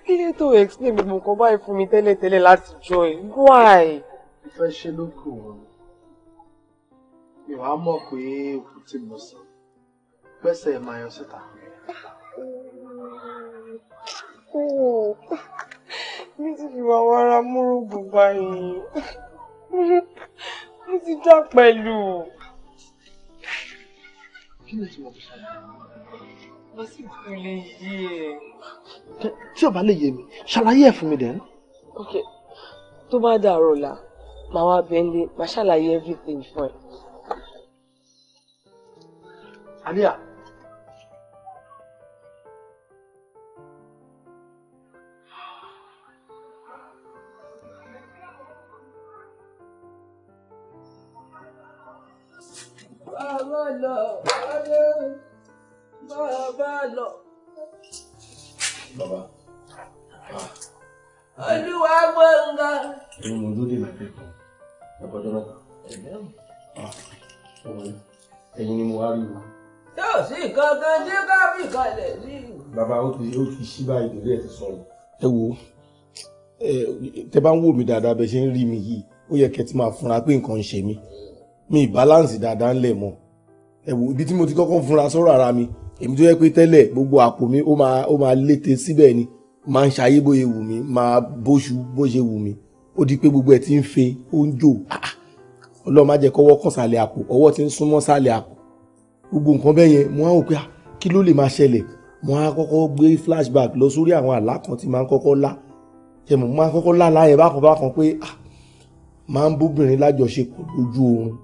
[SPEAKER 1] kí ló tó explain gbogbo nǹkan báyìí fún mi tẹ́lẹ̀tẹ́lẹ̀ láti joy? Why? Ìfẹ́ ṣe ló kù wọ́n. Mi wàá mọ̀ pé òkú tí mo sọ, pẹ́sẹ̀ máa yan síta mi ti fi wàwọ̀ ara múrùgbù báyìí mi ti dá pẹ̀lú. kí ni tí wọ́n fi ṣàlàyé?
[SPEAKER 2] wọ́n sì kò lè
[SPEAKER 1] yé e. tí ò bá lè yé mi ṣàlàyé ẹ̀ fún mi dẹ̀. ok tó bá dàrọ̀ la màá wá bẹ́ńdé màá ṣàlàyé everything fún ẹ. àríyá.
[SPEAKER 2] lọ. Bàbá. Ah. Ah.
[SPEAKER 1] Olúwa gbọ́ nǹkan. Ẹyin mo lóde náà kẹ́kọ̀ọ́. Ẹ̀kọ́ tó náà. Ẹyin ni mo wá rí o. Yóò sí kankan tí káfí kalẹ̀ sí. Bàbá ó ti ó ti ṣí báyìí lórí ẹ̀ ti sọ̀rọ̀. Ẹ wo tẹ bá ń wò mí dáadáa bẹ ṣe ń rí mi yìí ó yẹ kẹ́ ti máa funra pé nǹkan ń ṣe mí mi balance dáadáa ńlẹ̀ mọ́ ẹ wo ibi tí mo ti kọ́kọ́ funra sọ̀rọ̀ ara mi èmi tó yẹ pé tẹ́lẹ̀ gbogbo àpò mi ó máa ó máa lété síbẹ̀ ni máa ń ṣayé bóyá wù mí máa bóṣu bóṣe wù mí ó di pé gbogbo ẹ̀ ti ń fe ó ń jò ah, ah. ọlọ́run má jẹ́ kọ́wọ́ kàn sàlẹ̀ àpò ọwọ́ ti ń súnmọ́ sàlẹ̀ àpò gbogbo nǹkan bẹ́ẹ̀ yẹn mo á wò pé ah, kí ló lè máa ṣẹlẹ̀ mo á kọ́kọ́ gbé flashback lọ sórí àwọn àlá kan tí máa ń kọ́kọ́ lá ṣe mo máa ń kọ́kọ́ lá láyẹ̀ bákan bákan pé máa ń bóbìnrin lájọṣepọ̀ lójú oorun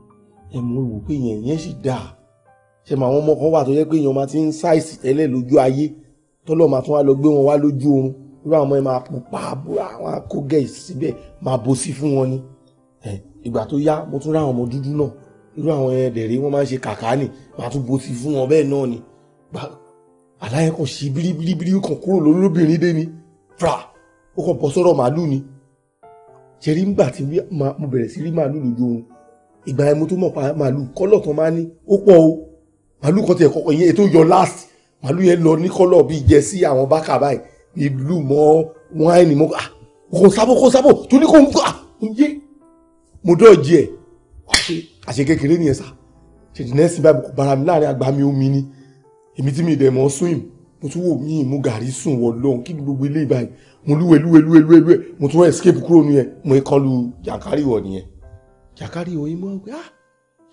[SPEAKER 1] ẹ̀ mo wò pé yẹn yẹn sì dáa ṣe mọ àwọn ọmọ kan wà tó yẹ pé èèyàn máa ti ń ṣàìsì tẹ́lẹ̀ lójú ayé tọ́lọ́ máa tún wá lọ gbé wọn wá lójú oorun irú àwọn ọmọ yẹn máa pupa àbúrò àwọn akógẹ́ ìsíbẹ̀ máa bó sí fún wọn ni ìgbà tó yá mo tún ráwọn ọmọ dúdú náà irú àwọn yẹn dẹ̀rẹ́ wọ́n máa ń ṣe kàkà nì máa tún bó sí fún wọn bẹ́ẹ̀ náà ni àlàyé kan ṣe bíríbíríbírí kan kúrò lólóbìnrin dé ni fra ó kàn bọ́ sọ́rọ̀ màálù ni ṣe rí ńgbà tí mo bẹ̀rẹ̀ sí rí màálù lójú oorun ìgbà yẹn mo tún mọ̀ pa màálù kọ́lọ̀ tán màálù kan tiẹ̀ kọ́kọ́ yẹn ètò yọ last màálù yẹn lọ ní kọ́lọ̀ bíi jẹ sí àwọn bákà báyìí ìlú mọ́ wáìnì mọ́ ah, kò sábò kò sábò tó ní kò ń gbà ah, ń yé mo dọ̀jì ẹ̀ àṣe kékeré nìyẹn sá ṣèjì nẹ́ẹ̀sì báyìí kò bára mi láàrin àgbà mi omi ni èmi tí mi dẹ̀ mọ́ swim mo tún wò mí mo gàrí sùn wọ lọ́hùn kí gbogbo ilé ìbáyìí mo lúwẹ̀ lúwẹ̀ lúwẹ̀ lúwẹ̀ lúwẹ̀ mo tún escape kúrò ní ẹ mo kàn lu jàǹkárí wọ̀ nìyẹn jàǹkárí wọ̀ yìí mo wá pé ah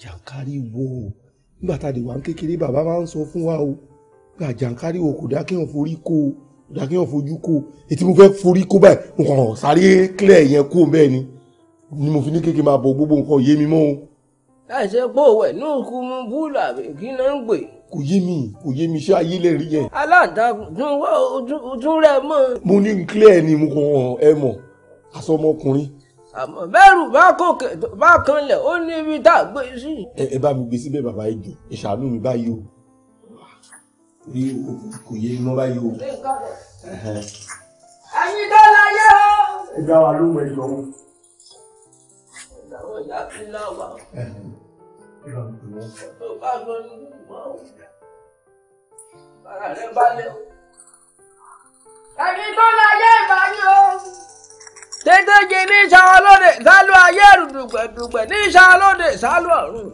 [SPEAKER 1] jàǹkárí wọ̀ o nígbà tá a lè wà ń kékeré bàbá máa ń sọ fún wa o pé àjàǹkárí o kò dá kéèyàn forí kó o kò dá kéèyàn fojú kó o ètí mo fẹ́ forí kó báyìí mo sáré clear yẹn kó bẹ́ẹ̀ ni ni mo fi ní kékeré máa bọ gbogbo nǹkan yé mi mọ́ o. láìsẹ pé òwe náà kú mú búlà kí náà ń gbè. kò yé mi kò yé mi iṣẹ́ ayé lẹ́rìí yẹn. aláǹtakùn ojú rẹ mọ́. mo ní clear ni mo kàn ẹ mọ̀ àsọmọkùnrin àmọ́ bẹ́rù bá kòkè bá kanlẹ̀ ó ní ibi tá a gbé sí. ẹ bá mi gbé síbẹ̀ bàbá ìjọ ìṣàánú mi báyìí o rí o kò yé mọ́ báyìí o. ẹ̀yin tó la yé o. ẹ gbá wa ló mọ ẹjọ́ wọn. ìyàwó ìyá ti lá wa.
[SPEAKER 2] tó bá lọ ní ìgbà o. bàrà rẹ balẹ̀ o. ẹ̀yin tó la yé ìbáyé o
[SPEAKER 1] tètèjì ní sàlódé sálú ayé dùgbẹ̀dùgbẹ̀ ní sàlódè sálú ọ̀run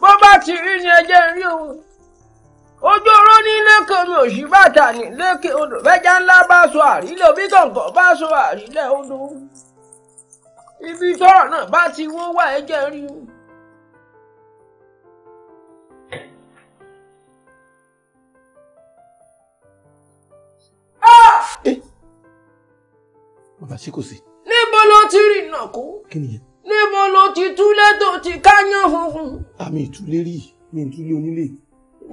[SPEAKER 1] bó bá ti rí ni ẹjẹ́ ń rí òun ojú oró ní lékè omi òṣì bàtà ní lékè odò bẹ́jà ńlá bá so àrílẹ̀ òbí kọ̀ǹkọ̀ bá so àrílẹ̀ odò ibi tọ́rọ̀ náà bá ti wó wá ẹjẹ́ rí òun.
[SPEAKER 2] Ah! Eh
[SPEAKER 1] bàbá ṣé kò sí. níbo ló ti rìn náà kó. kí nìyẹn. níbo ló ti túlé tó ti káyán funfun. àmì ah, ìtúlé rí mi ìtúlé onílé.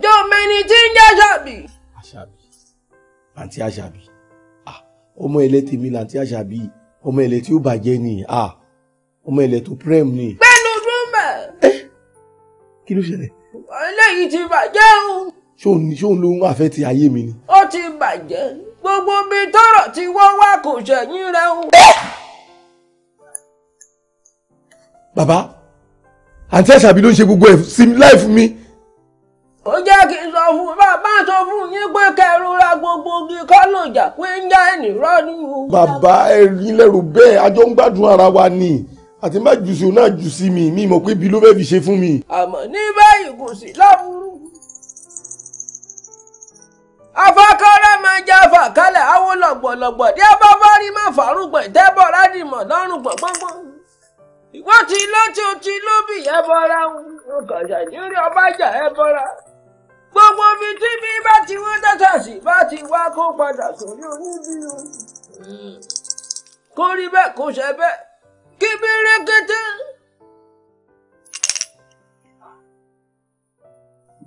[SPEAKER 1] jọmẹni tí ń jẹ́ àṣàbí. àṣàbí àǹtí àṣàbí ah, ọmọ ilẹ̀ tèmi làǹtí àṣàbí ọmọ ilẹ̀ tí ó bàjẹ́ ni ah, ọmọ ilẹ̀ tó prem ni. pẹ̀lú dúmẹ̀. ẹ eh! kí ló ṣẹlẹ̀. eléyìí ti bàjẹ́ o. ṣóun ló ń àfẹ́ ti ayé mi ni. ó ti bàjẹ́ gbogbo bíi tọrọ tí wọ́n wá kò ṣẹ̀yìn rẹ o. bàbá àǹtí àṣàbí ló ń ṣe gbogbo ẹ̀ sí láì fún mi. ó jẹ́ kí n sọ fún bàbá sọ fún yín pé kẹrùra gbogbo igi kọ́lọ̀jà pé ń já ẹnì rọ́ọ̀nù. bàbá ẹ̀rín lẹ́rù bẹ́ẹ̀ a ń gbádùn ara wa ni àti má jù sí òun náà jù sí mi mi mọ̀ pé ibi ló fẹ́ fi ṣe fún mi. àmọ́ ní báyìí kò sí láburú afakọ́rẹ́ máa jẹ́ àfàkálẹ̀ awo lọ̀gbọ̀lọ̀gbọ̀ tí ẹ bá bá rí máa fàrúgbọ̀n ìtẹ́bọ̀ rádìmọ̀ lọ́rùn gbọ̀ngbọ̀n. ìwọ ti ló tí o ti ló bì yẹ bọ́ra ọkọ̀ṣà ní orí ọba jà ẹ bọ́ra. gbogbo omi tí mi bá ti wọ́n dátà sí bá ti wá kó padà sórí oníbíyọ. kó rí bẹ́ẹ̀ kó ṣe bẹ́ẹ̀ kí bí rẹ́kẹ́tẹ́.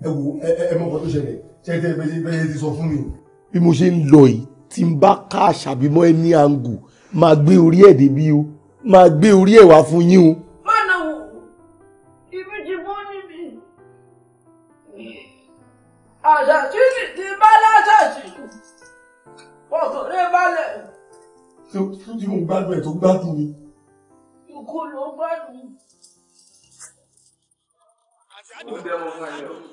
[SPEAKER 1] ẹ wo ẹ ẹ mọ ọkọ tó ṣẹlẹ̀ ṣe tẹ bẹ bẹ ti sọ fún mi o. bí mo ṣe ń lọ yìí tí n bá ká àṣàbí mọ́ ẹ ní àǹgù máa gbé orí ẹ̀ débi o máa gbé orí ẹ̀ wá fún yín o. má nà wò ibi ti bọ́ níbi àṣàṣì ti bá láṣàṣì ọ̀tọ̀ rẹ̀ balẹ̀. tó tí mo gbádùn ẹ̀ tó gbádùn mi. ikú ló
[SPEAKER 3] àti àdìmọ́.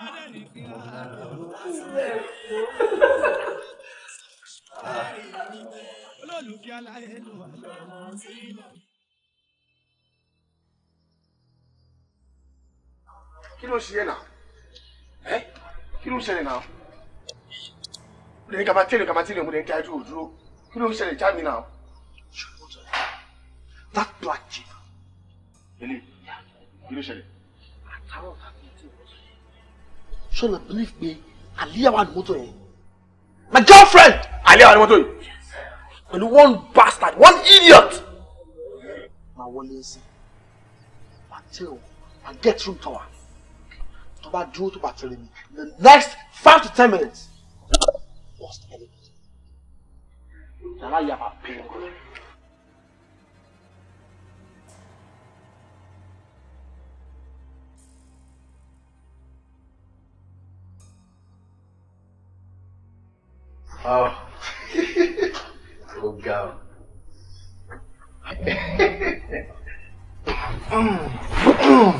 [SPEAKER 2] olólùfẹ́ aláyé ló wà lọ́wọ́ sí i.
[SPEAKER 1] kí ló ṣe yẹn náà ẹ kí ló ṣẹlẹ̀ náà mo lè kaba tẹ́lẹ̀ kaba tẹ́lẹ̀ mo lè ń tajú òdúró kí ló ṣẹlẹ̀ já mi náà. that black jeep. kí ló ṣẹlẹ̀. àtàwọn bàbá ṣó lè believe me, àlíyá wà ní mọ́tò yẹn my girlfriend àlíyá wà ní mọ́tò yìí And one bastard one idiot máa wọlé sí máa tẹ o máa get room to wa To bá dúró to bá tẹ̀lé mi the next five to ten minutes worst enemy yàrá yàrá pain.
[SPEAKER 2] Oh, ó ga ọ.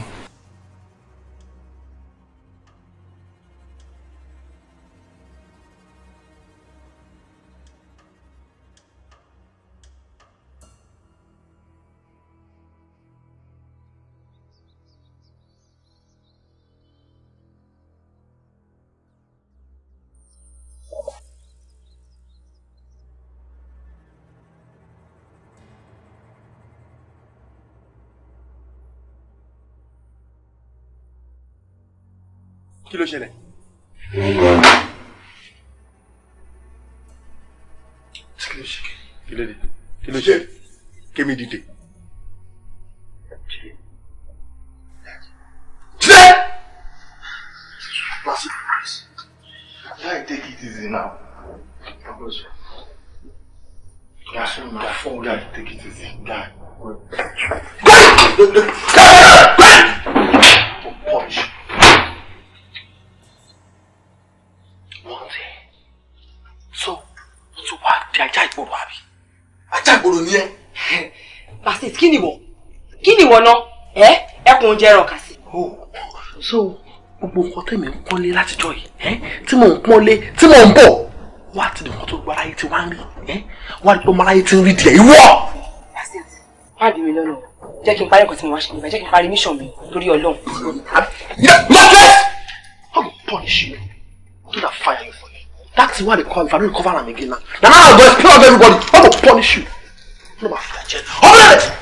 [SPEAKER 2] kí ló ṣẹlẹ̀. kí ló ṣe
[SPEAKER 1] kí ló dé kí ló ṣe kémi dìde. basit kí ni wọ kí ni wọ ná ẹ ẹkùn jẹ ẹran kà sí. Oh, so gbogbo nǹkan tẹ̀mí ń pọ́nlé látijọ́ yìí tí mò ń pọ́nlé tí mò ń bọ̀ wá ti nǹkan tó gbọ́ aráyé ti wá ń rí wá ti gbọ́ aráyé ti ń rí díẹ̀ ìwọ. basit má bí mi lọ́nà jẹ́ kí n parí nǹkan tí mo wá ṣe nígbà jẹ́ kí n parí mission mi torí ọlọ́run. lọ́tẹ́ I will punish you do that fire for you that's why they call if I don't recover am again now na I go explain everybody I will punish you ló máa fi àjẹ ọmọ rẹ.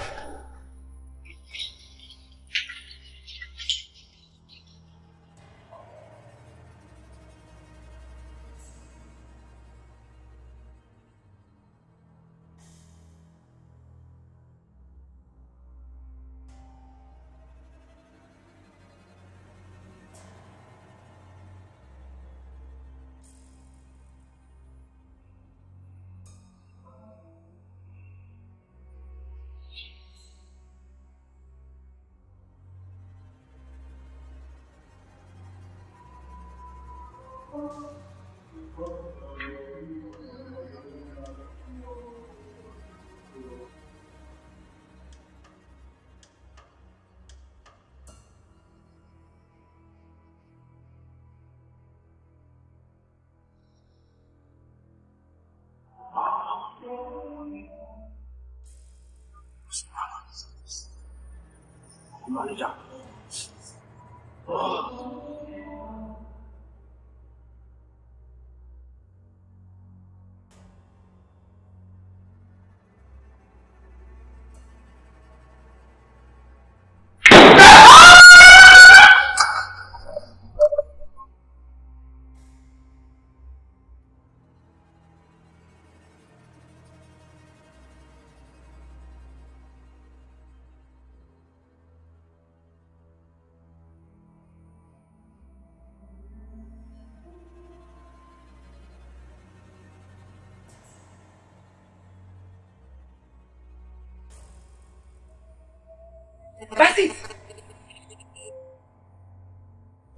[SPEAKER 2] That's it.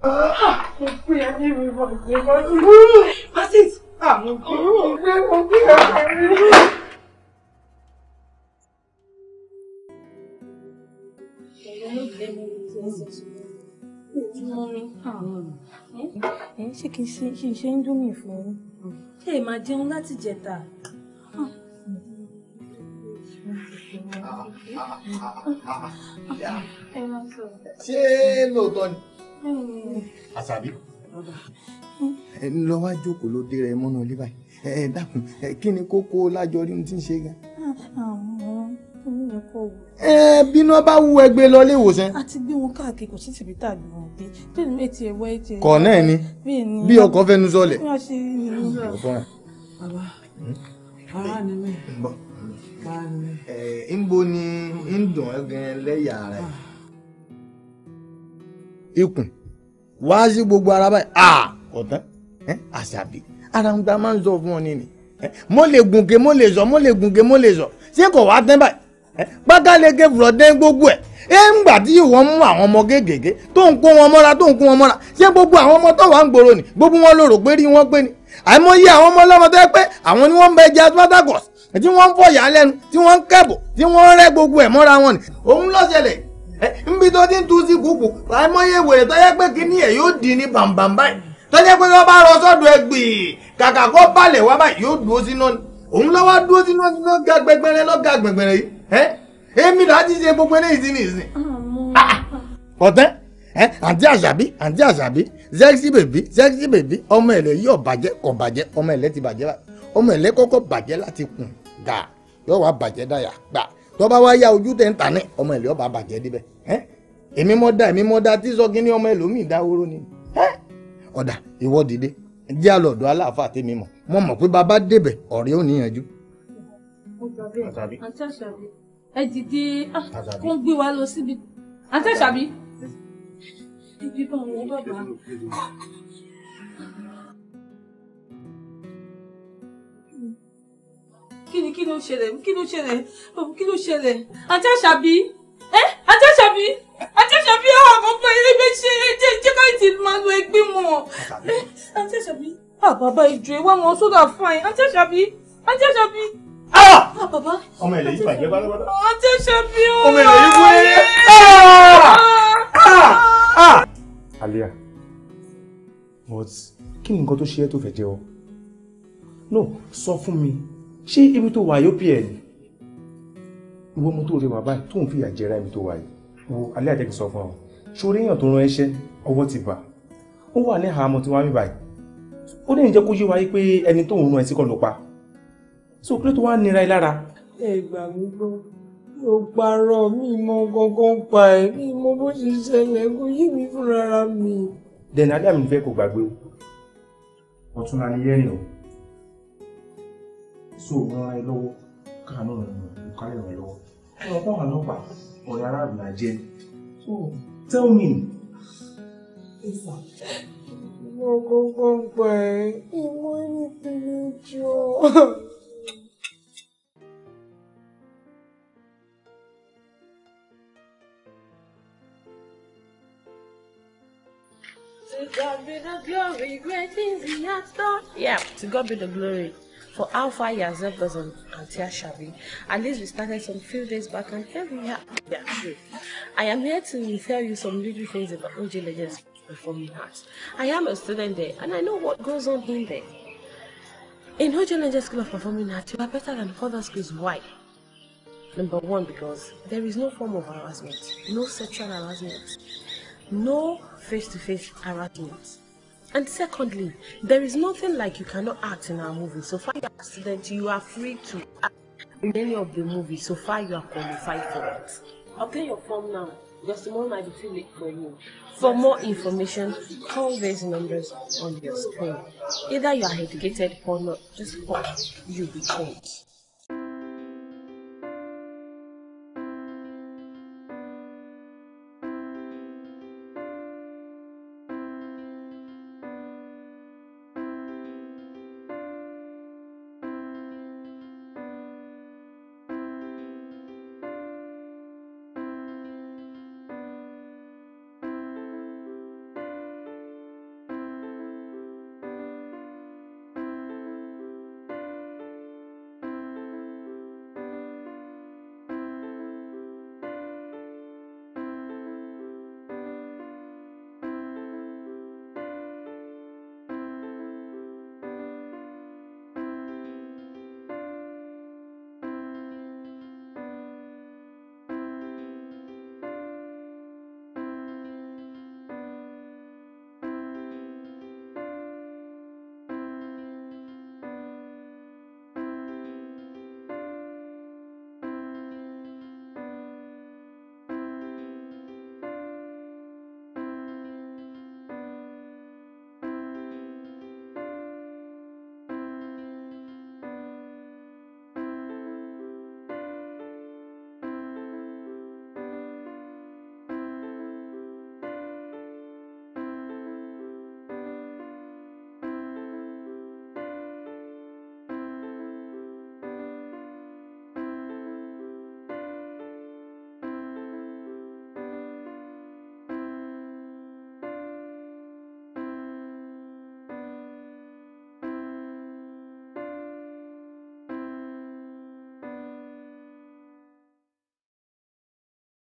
[SPEAKER 2] Mo gbé ayé mi mọ̀ ní ọdún. That's it. Mo gbé mo gbé ọkọ mi. Ṣé kìí ṣe ń dún mi fún yín?
[SPEAKER 1] Ṣé ẹ máa jẹun láti jẹta? ṣé lóòótọ́
[SPEAKER 2] ni
[SPEAKER 1] àṣàbí lọ wá jókòó ló dé rẹ mọ́nà ilé báyìí ẹ dákun kí ni kókó lájọ rí ohun tí ń ṣe gan. ẹ bíná bá wú ẹgbẹ́ lọ ilé ìwòsàn.
[SPEAKER 3] a ti gbé wọn káàkiri kò sí tìbí tàbí wọn bí bẹ́ẹ̀ ni etí ẹwọ etí ẹwọ. kọ náà ni bí ọkọ fẹnu sọlẹ̀. bàbá ara ni mi.
[SPEAKER 1] ńbo eh, ni ń dùn ya re. Ikun, rẹ̀. sí gbogbo ara báyìí ah ọ̀tán àṣàbí ara ń ta máa ń sọ fún ọ mo lè gùnkè mo lè sọ mo lè gùnkè mo lè ṣé kò gbogbo ẹ̀ ẹ ń gbà tí ìwọ awọn mú àwọn ọmọ kéékèèké tó ń kó wọn mọ́ra tó ń kó wọn mọ́ra ṣé gbogbo àwọn ọmọ tó wà ń ni gbogbo wọn rò pé rí wọn ọmọ ọlọ́mọ tó yẹ pé àwọn ni wọ́n ń bẹ tí wọ́n ń fọ̀yà lẹ́nu tí wọ́n ń kẹ́bọ̀ tí wọ́n ń rẹ́ gbogbo ẹ̀ mọ́ra wọn ni òun ló ṣẹlẹ̀ nbí tó ti ń tu sí kúkú àìmọye wèrè tó yẹ pé kíní ẹ̀ yóò di ní bàǹbàǹ báyìí tó yẹ pé wọ́n bá rọ sọ́dọ̀ ẹ gbì kàkà kó balẹ̀ wá báyìí yóò dúró sínú ni òun lọ́wọ́ dúró sínú ni lọ́gà gbẹgbẹrẹ lọ́gà gbẹgbẹrẹ yìí ẹ́ èmi là á ti ṣe gbogbo eléyìí sí nìyí. ọ̀tẹ́ àǹtí àṣàbí àǹtí àṣàbí sẹ́ksì bèbí sẹ́ksì bèbí ọmọ ẹ̀lẹ́ yóò bàjẹ́ kò bàjẹ́ ọmọ ẹ̀lẹ́ ti bàjẹ́ ọmọ ẹ̀lẹ́ kọ́kọ́ bàjẹ́ láti kùn gbà yóò wá bàjẹ́ dáyà gbà tó bá wá yá ojú tẹ̀ ń tà ní ọmọ ìlú ọba bàjẹ́ débẹ̀ èmi mọ́ dá èmi mọ́ dá tí sọ́kí ní ọmọ ẹlòmíì dáwóró ni ọ̀dà ìwọ dìde jẹ́ àlọ́dọ̀ aláàfáà tèmi mọ̀ mo mọ̀ pé bàbá débẹ̀ ọ̀rẹ́ ò níyànjú. àǹtí àṣàbí ẹ dìde ah, kó ń gbé wa lọ síbi àǹtí kí ni kí ló ṣẹlẹ̀ kí ló ṣẹlẹ̀ kí ló ṣẹlẹ̀ àti àṣàbí ẹ àti àṣàbí àti àṣàbí ọ àbọ̀bọ̀ ẹgbẹ́ ṣe jẹ́ jẹ́ ká ìtì máa lo ẹgbẹ́ wọn àti àṣàbí àbàbà ìjọ ìwà wọn sódà fine àti àṣàbí àti àṣàbí. ọmọ ilẹ̀ yìí bàjẹ́
[SPEAKER 2] bálábàlá. àti àṣàbí ọmọ ilẹ̀ yìí wé.
[SPEAKER 1] Alia but kí ni nǹkan tó ṣe é tó fẹ́ jẹ́ ọ? no sọ fún mi ṣé ibi tó wà yóò pè ẹ̀ ni ìwọ ọmọ tó rẹwà báyìí tóun fìyà jẹra ibi tó wà yìí wo alẹ́ àjẹkì sọ fún ọ ṣorí èèyàn tó rán ẹṣẹ́ ọwọ́ ti bà ó wà ní àhámọ́ tí wọ́n á mi báyìí ó dẹ̀ ń jẹ́ kó yé wa yí pé ẹni tóun rán ẹṣẹ́ kọ́ ló pa so kí ló tó wá nira ẹ lára. ẹ gbà mí gbọ́ ó parọ́ mi mọ gangan pa ẹ̀ mi mọ bó ṣe ṣẹlẹ̀ kó yé mi fúnra mi. dẹ̀nà alẹ́ àmì fẹ́ kò gbàgbé o ọ̀tún ni yẹ́rìn o so wọn ra ẹ lọ́wọ́ káàánú rẹ nù kálẹ rẹ lọ́wọ́ ọ̀rọ̀ pọ àwọn ọlọ́pàá ọ̀rẹ́ aráàlú la jẹ tell me.
[SPEAKER 2] gbọ̀ngbọ̀ngbọ̀n gbà ẹ́ ìmọ̀ ẹni tí mo jọ. To
[SPEAKER 1] God be the glory, great is the actor. Yeah, to God be the glory for how far yourself has helped Auntie Ashabi. At least we started some few days back and here we are. Yeah, I am here to tell you some little things about OJ Legends Performing Arts. I am a student there and I know what goes on in there. In OJ Legends School of Performing Arts, you are better than other schools. Why? Number one, because there is no form of harassment, no sexual harassment, no face-to-face -face harassment. And secondly, there is nothing like you cannot act in our movie. So far, accident, you are free to act in any of the movies. So far, you are qualified for it. Obtain your form now. Your tomorrow might be too late for you. For more information, call these numbers on your screen. Either you are educated or not, just call. You'll
[SPEAKER 2] be called.